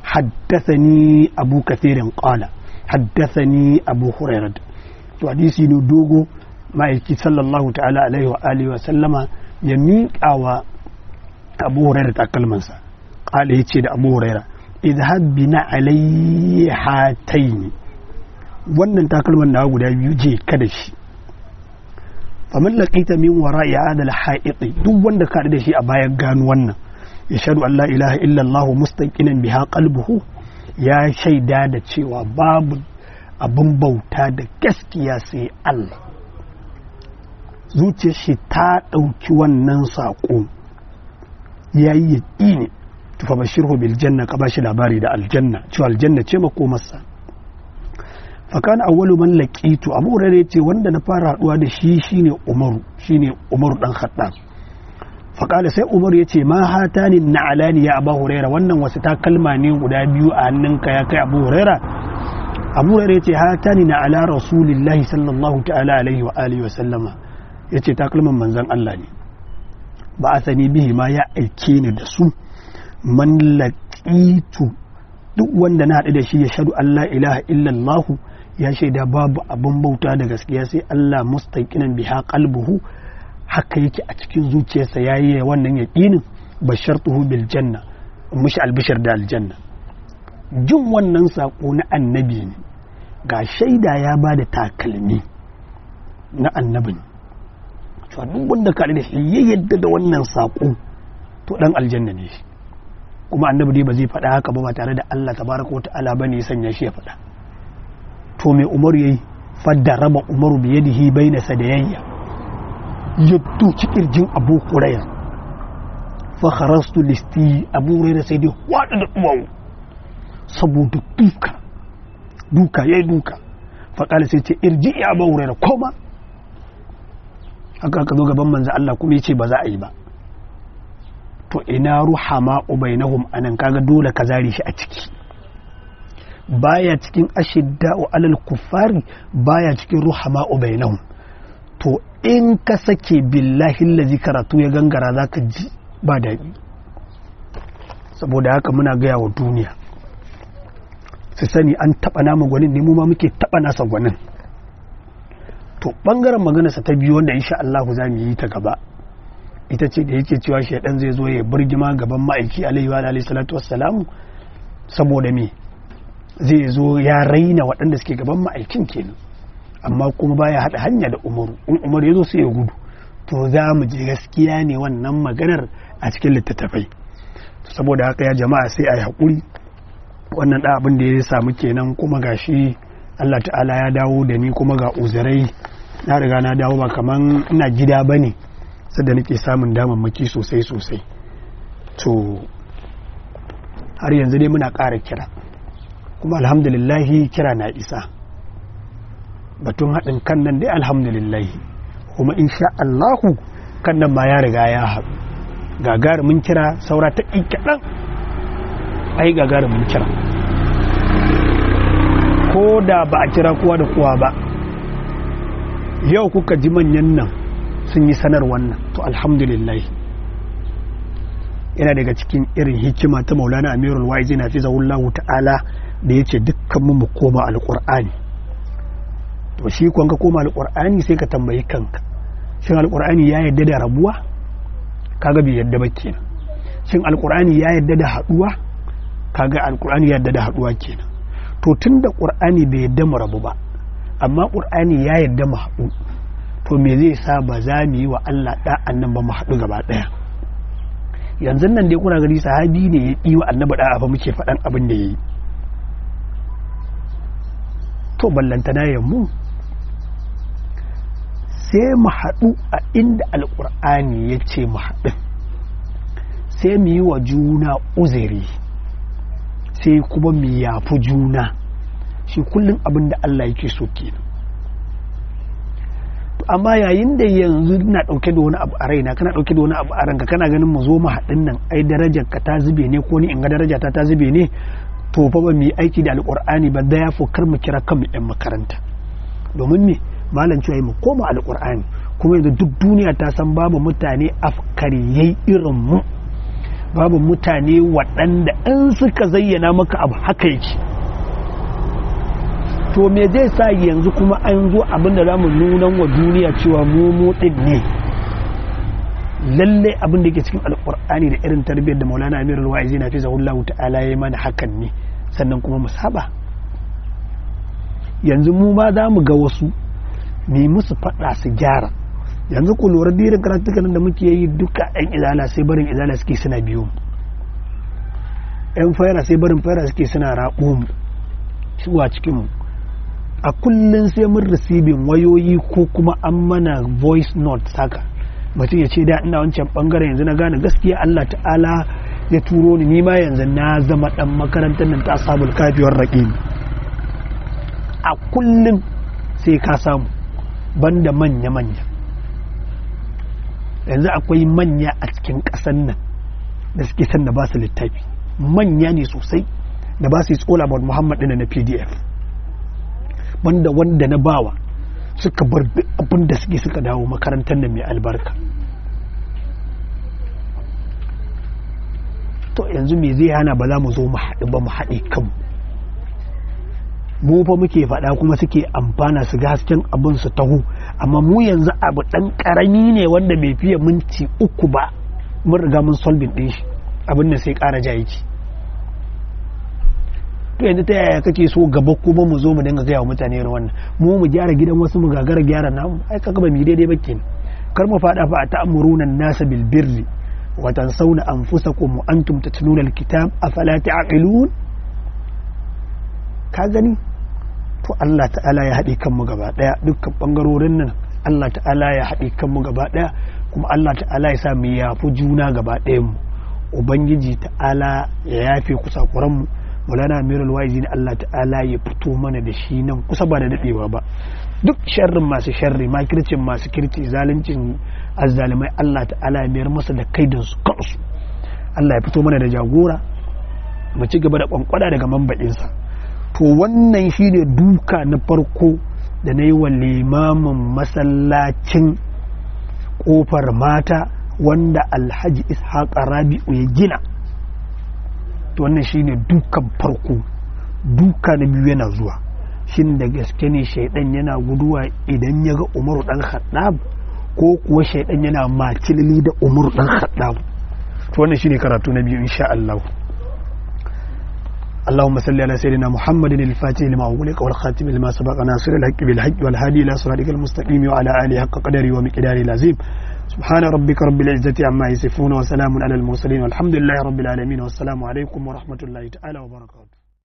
haddasani abu kaffirin qola haddasani abu hurerad su haddisi ni dogo. ma'aiki sallallahu ta'ala alaihi wa alihi wa sallama ya miƙa wa abu huraira takalmansa ƙala ya ce da abu huraira idhab habbi na alayhi hataini wannan takalman na guda biyu je kada shi fa man laqita min wara'i hada ha'iqi duk wanda ka da shi a bayan gano wannan ya shaɗu Allah ilaha illallah mustaqinan biha qalbuhu ya shaida da cewa babu abin bauta da gaskiya sai Allah zuciyar shi ta ɗauki wannan saƙo ya yi yaƙi ne tufa bashirhu bil janna ka bashi labari da aljanna cewa aljanna ce makomarsa fakan awwalu man laqitu abu hurairah yace wanda na fara haduwa da shi shine umaru shine umaru dan khattab sai Umaru yace ma hatani ni na alani ya abu huraira wannan wasu takalma ne guda biyu a hannunka ya kai abu huraira abu huraira yace hatani na ala rasulillahi sallallahu ta'ala alaihi wa alihi wa sallama ya ce takalman manzan Allah ne ba a sani bihi ma ya aike ni da su man laƙitu duk wanda na haɗu da shi ya shaɗu Allah ilaha illallahu ya shaida babu abin bauta da gaskiya sai Allah mustaqinan biha qalbuhu haka yake a cikin zuciyarsa yayi wannan yaqinin bashartuhu bil janna mushi albishir da aljanna jin wannan sako na annabi ne ga shaida ya ba da takalmi na annabin to duk wanda ka da shi ya yadda da wannan sako to dan aljanna ne kuma annabi dai ba zai faɗa haka ba tare da Allah tabaraka wa ta'ala bane ya sanya shi ya faɗa to mai Umar yayi fadda raba Umar bi yadihi baina sadayya ya tuci kirjin Abu Hurairah fa kharastu listi Abu Hurairah sai dai wada da duwawu saboda duka duka yayi duka fa kala sai ce irji ya Abu Hurairah koma haka aka zo gaban manzo Allah kuma yace ba za a yi ba to ina ruhama ubainahum anan kaga dole ka zari shi a ciki baya cikin ashidda wa alal kufari baya cikin ruhama ubainahum to in ka sake billahi allazi karatu ya gangara za ka ji ba dadi saboda haka muna gaya wa duniya su sani an taɓa namu gwanin ne mu ma muke taɓa nasa gwanin to bangaren maganarsa ta biyu wanda insha Allahu za mu yi ta gaba ita ce da yake cewa shaidan zai zo ya birgima gaban ma'aiki alaihi wa alihi salatu wassalam saboda me zai zo ya raina waɗanda suke gaban ma'aikin kenan amma kuma baya haɗa hanya da umaru in umaru ya zo sai ya gudu to za mu je gaskiya ne wannan maganar a cikin littattafai saboda haka ya jama'a sai a yi haƙuri wannan ɗa abin da ya samu kenan kuma gashi Allah ta'ala ya dawo da ni kuma ga uzurai na riga na dawo ba kaman ina gida ba ne sadda nake samun daman damammaki sosai sosai to har yanzu dai muna ƙara kira kuma alhamdulillahi kira na isa batun haɗin kan nan dai alhamdulillahi kuma insha Allahu kan nan ma ya riga ya haɗu gagarumin kira saura ta ƙiƙaɗan ai gagarumin kira ko da ba a kira kowa da kowa ba yau kuka ji manyan nan sun yi sanar wannan to alhamdulillah yana daga cikin irin hikima ta maulana amirul wa'izi na fi zaun ta'ala da ya ce dukkan mu koma alƙur'ani to shi kwanka koma alƙur'ani sai ka tambayi kanka shin alƙur'ani ya yadda da rabuwa kaga bai yadda ba kenan shin alƙur'ani ya yadda da haɗuwa kaga alƙur'ani ya yadda da haɗuwa kenan to tun da ƙur'ani bai yadda mu rabu ba amma ƙur'ani ya yadda mu haɗu to me zai sa ba za mu yi wa Allah ɗa'an nan ba mu haɗu gaba ɗaya yanzu nan dai kuna gani sahabi ne ya yi wa annabi da'a fa muke faɗan abin da ya yi to ballantana yammu sai mu haɗu a inda alƙur'ani ya ce mu haɗu sai mu yi wa juna uzuri sai kuma mu yafi juna shi kullum abin da Allah yake so kenan amma yayin da yanzu na dauke da wani abu a raina kana dauke da wani abu a ranka kana ganin mu zo mu haɗin nan ai darajar ka ta zube ne ko ni in ga daraja ta ta zube ne to fa ba mu yi aiki da alqur'ani ba da ya kar mu kira kanmu yan makaranta domin me malam cewa mu koma alqur'ani kuma yanzu duk duniya ta san babu mutane afkariyai irin mu babu mutane waɗanda in suka zayyana maka abu haka yake to me zai sa yanzu kuma an zo abin da zamu nunan wa duniya cewa mu motsin ne Lallai abin da yake cikin alkur'ani da irin tarbiyyar da maulana amir alwa'i waizi na fi zahullahu ta'ala ya mana hakan ne sannan kuma mu saba yanzu mu ma za mu ga wasu ne musu faɗa su gyara yanzu ku lura dirin karatukan da muke yi duka yan izala sai barin izala suke suna biyu yan fayara sai barin fayara suke suna raƙo mu cikin mu a kullum sai mun risibin wayoyi ko kuma an mana voice note saka mutum ya ce da ina wancan bangare yanzu na gane gaskiya Allah ta'ala ya turo ni nima yanzu na zama dan makarantar nan ta samu kafiyar raƙi a kullum sai ka samu banda manya-manya yanzu akwai manya a cikin ƙasan nan da suke san na ba su littafi manya ne sosai da ba su yi tsola ba muhammad na pdf banda wanda na bawa suka bar abin da suke suka dawo makarantar nan mai albarka to yanzu me zai hana ba za mu zo mu haɗu ba mu haɗe kanmu mu fa muke faɗa kuma suke amfana su ga hasken abin su taho amma mu yanzu abu dan karami ne wanda bai fiye minti uku ba mun riga mun solving din shi abin da sai kara ja yake to yanzu ta yaya kake so gaba kuma mu zo mu dinga gaya wa mutane irin wannan mu mu gyara gidan wasu mu gagara gyara namu ai kaga ba mu daidai ba kenan kar mu fada fa ta'muruna an-nasa bil birri wa tansawna anfusakum wa antum tatluna a kitab afala ta'qilun ka gani to Allah ta'ala ya haɗe kanmu gaba ɗaya dukkan ɓangarorin nan Allah ta'ala ya haɗe kanmu gaba ɗaya kuma Allah ta'ala ya sa mu yafi juna gaba ɗayan mu ubangiji ta'ala ya yafe kusa mu mulana amirul waizi ne Allah ta'ala ya fito mana da shi nan kusa ba da daɗewa ba duk sharrin masu sharri makircin masu kirci zaluncin azzalumai Allah ta'ala ya mayar masa da kaidan su kansu Allah ya fito mana da jagora mu ci gaba da kwankwada daga mambaɗinsa to wannan shine duka na farko da na yi wa limamin masallacin kofar mata wanda alhaji ishaƙa rabi'u ya gina to wannan shine dukan farko duka na biyu yana zuwa shin da gaske ne shaidan yana guduwa idan ya ga umaru dan haɗab ko kuwa shaidan yana makilili da umaru dan haɗab to wannan shine karatu na biyu insha Allah اللهم صل على سيدنا محمد الفاتح لما أغلق والخاتم لما سبق ناصر الحق بالحق والهادي إلى صراطك المستقيم وعلى آله حق قدره ومقداره العظيم سبحان ربك رب العزة عما يصفون وسلام على المرسلين والحمد لله رب العالمين والسلام عليكم ورحمة الله تعالى وبركاته